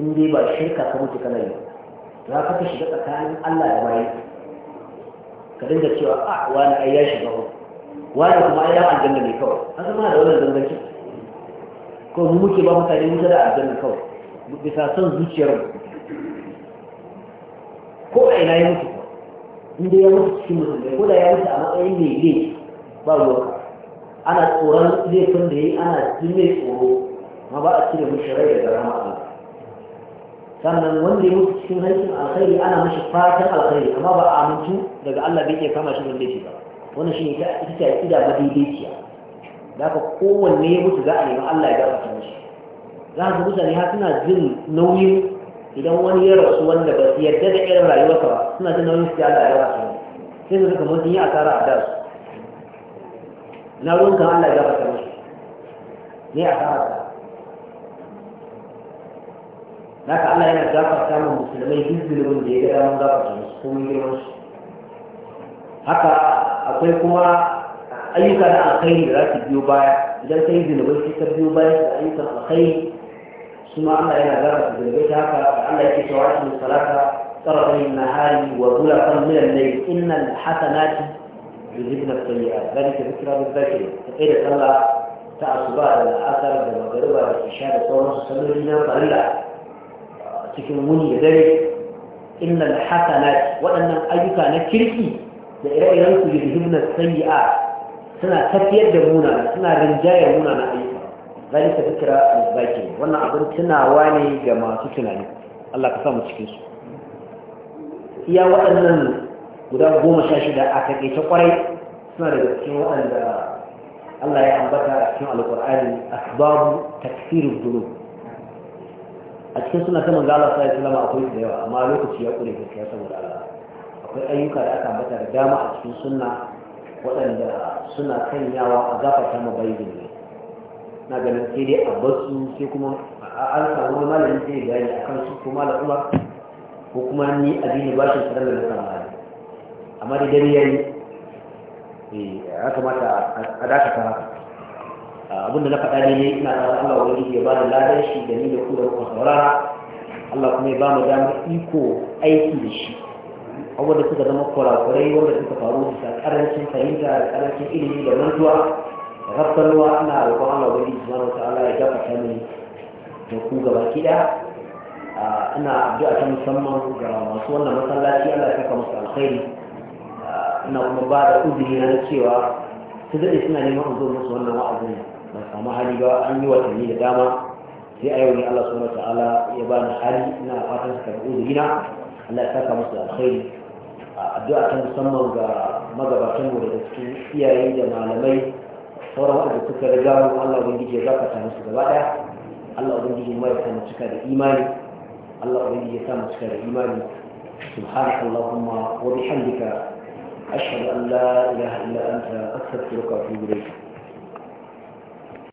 in dai ba shirka ka mutu kana yi za ka shiga tsakanin Allah da bayi ka dinga cewa a ah, wani ai ya shiga wani kuma ai ya aljanna ne kawai an zama da wannan zangancin ko mu muke ba mutane wuta da aljanna kawai bisa son zuciyar mu ko a ina ya mutu inda ya mutu cikin musulmai ko da ya mutu a matsayin mai laifi ba ruwa ana tsoron laifin da ya yi ana jin mai tsoro ma ba a cire mishi rai daga rama a sannan wanda ya mutu cikin harshen alkhairi ana mashi fatan alkhairi amma ba a amintu daga Allah bai iya kama shi wanda ya ba wannan shi ne ita ce a ƙida madaidaiciya da ka kowanne ya mutu za a nemi Allah ya gafarta mishi za ka mutane har suna jin nauyin idan wani ya rasu wanda ba su yarda da irin rayuwarsa ba suna jin nauyin su ya Allah ya gafarta mishi sai su suka mutu yi asara a dasu na ruwanka kan Allah ya gafarta mishi ne asara ta ka Allah yana gafarta mu musulmai duk zulubin da ya ga mun gafarta musu ko mun girma haka akwai kuma ayyuka na alkhairi da za biyo baya idan kai yi zunubai sai ka biyo baya da ayyukan alkhairi kuma Allah yana gara da zunubai ta haka Allah yake cewa in salata tsarafin nahari wa zulafan min al-layl inna al hasanati yuzibna as-sayyi'at dalika dhikra lil-dhakirin ta kai da ta asuba da asar da magariba da isha da sauran salloli na farilla cikin wuni da dare inna al hasanati waɗannan ayyuka na kirki da ire-iren su yuzibna as-sayyi'at suna tafiyar da muna suna rinjayar muna na ayyuka ta fikira a zaki wannan abin tunawa ne ga masu tunani Allah ka sa mu cikin su iya waɗannan guda goma sha shida a ta kwarai suna daga cikin waɗanda Allah ya ambata a cikin alƙur'ani asbabu takfirin dhunub a cikin suna ta manzo Allah sallallahu alaihi akwai da yawa amma lokaci ya kure gaskiya saboda Allah akwai ayyuka da aka ambata da dama a cikin sunna waɗanda suna sanyawa a gafata ma bai ne na ganin sai dai a basu sai kuma an samu wani malamin zai bayani a kan su ko malam umar ko kuma ni addini ba shi sanar da na hali amma da dare yayi eh, ya kamata a dakata haka abinda na faɗa ne ina tsara Allah wani ya ba da ladan shi da ni da ku da ku saurara Allah kuma ya ba mu damar iko aiki da shi abubuwan suka zama kurakurai wanda suka faru bisa karancin fahimta da karancin ilimi da mantuwa da rafsarwa ana roƙon Allah wani subhanahu ta'ala ya ta mini da ku gaba kida ina addu'a ta musamman ga masu wannan masallaci Allah ya saka musu alkhairi ina kuma ba da uzuri na cewa su daɗe suna neman in zo musu wannan wa'azin ba samu hali ba an yi watanni da dama sai a yau ne Allah subhanahu ta'ala ya bani hali ina fatan su karɓi uzurina Allah ya saka musu alkhairi addu'a ta musamman ga magabatan mu daga cikin iyaye da malamai sauran waɗanda suka riga mu Allah ubangiji ya zaka musu gaba ɗaya Allah ubangiji mai sa mu cika da imani Allah ubangiji ya sa mu cika da imani سبحانك اللهم وبحمدك أشهد أن لا إله إلا أنت أستغفرك وأتوب إليك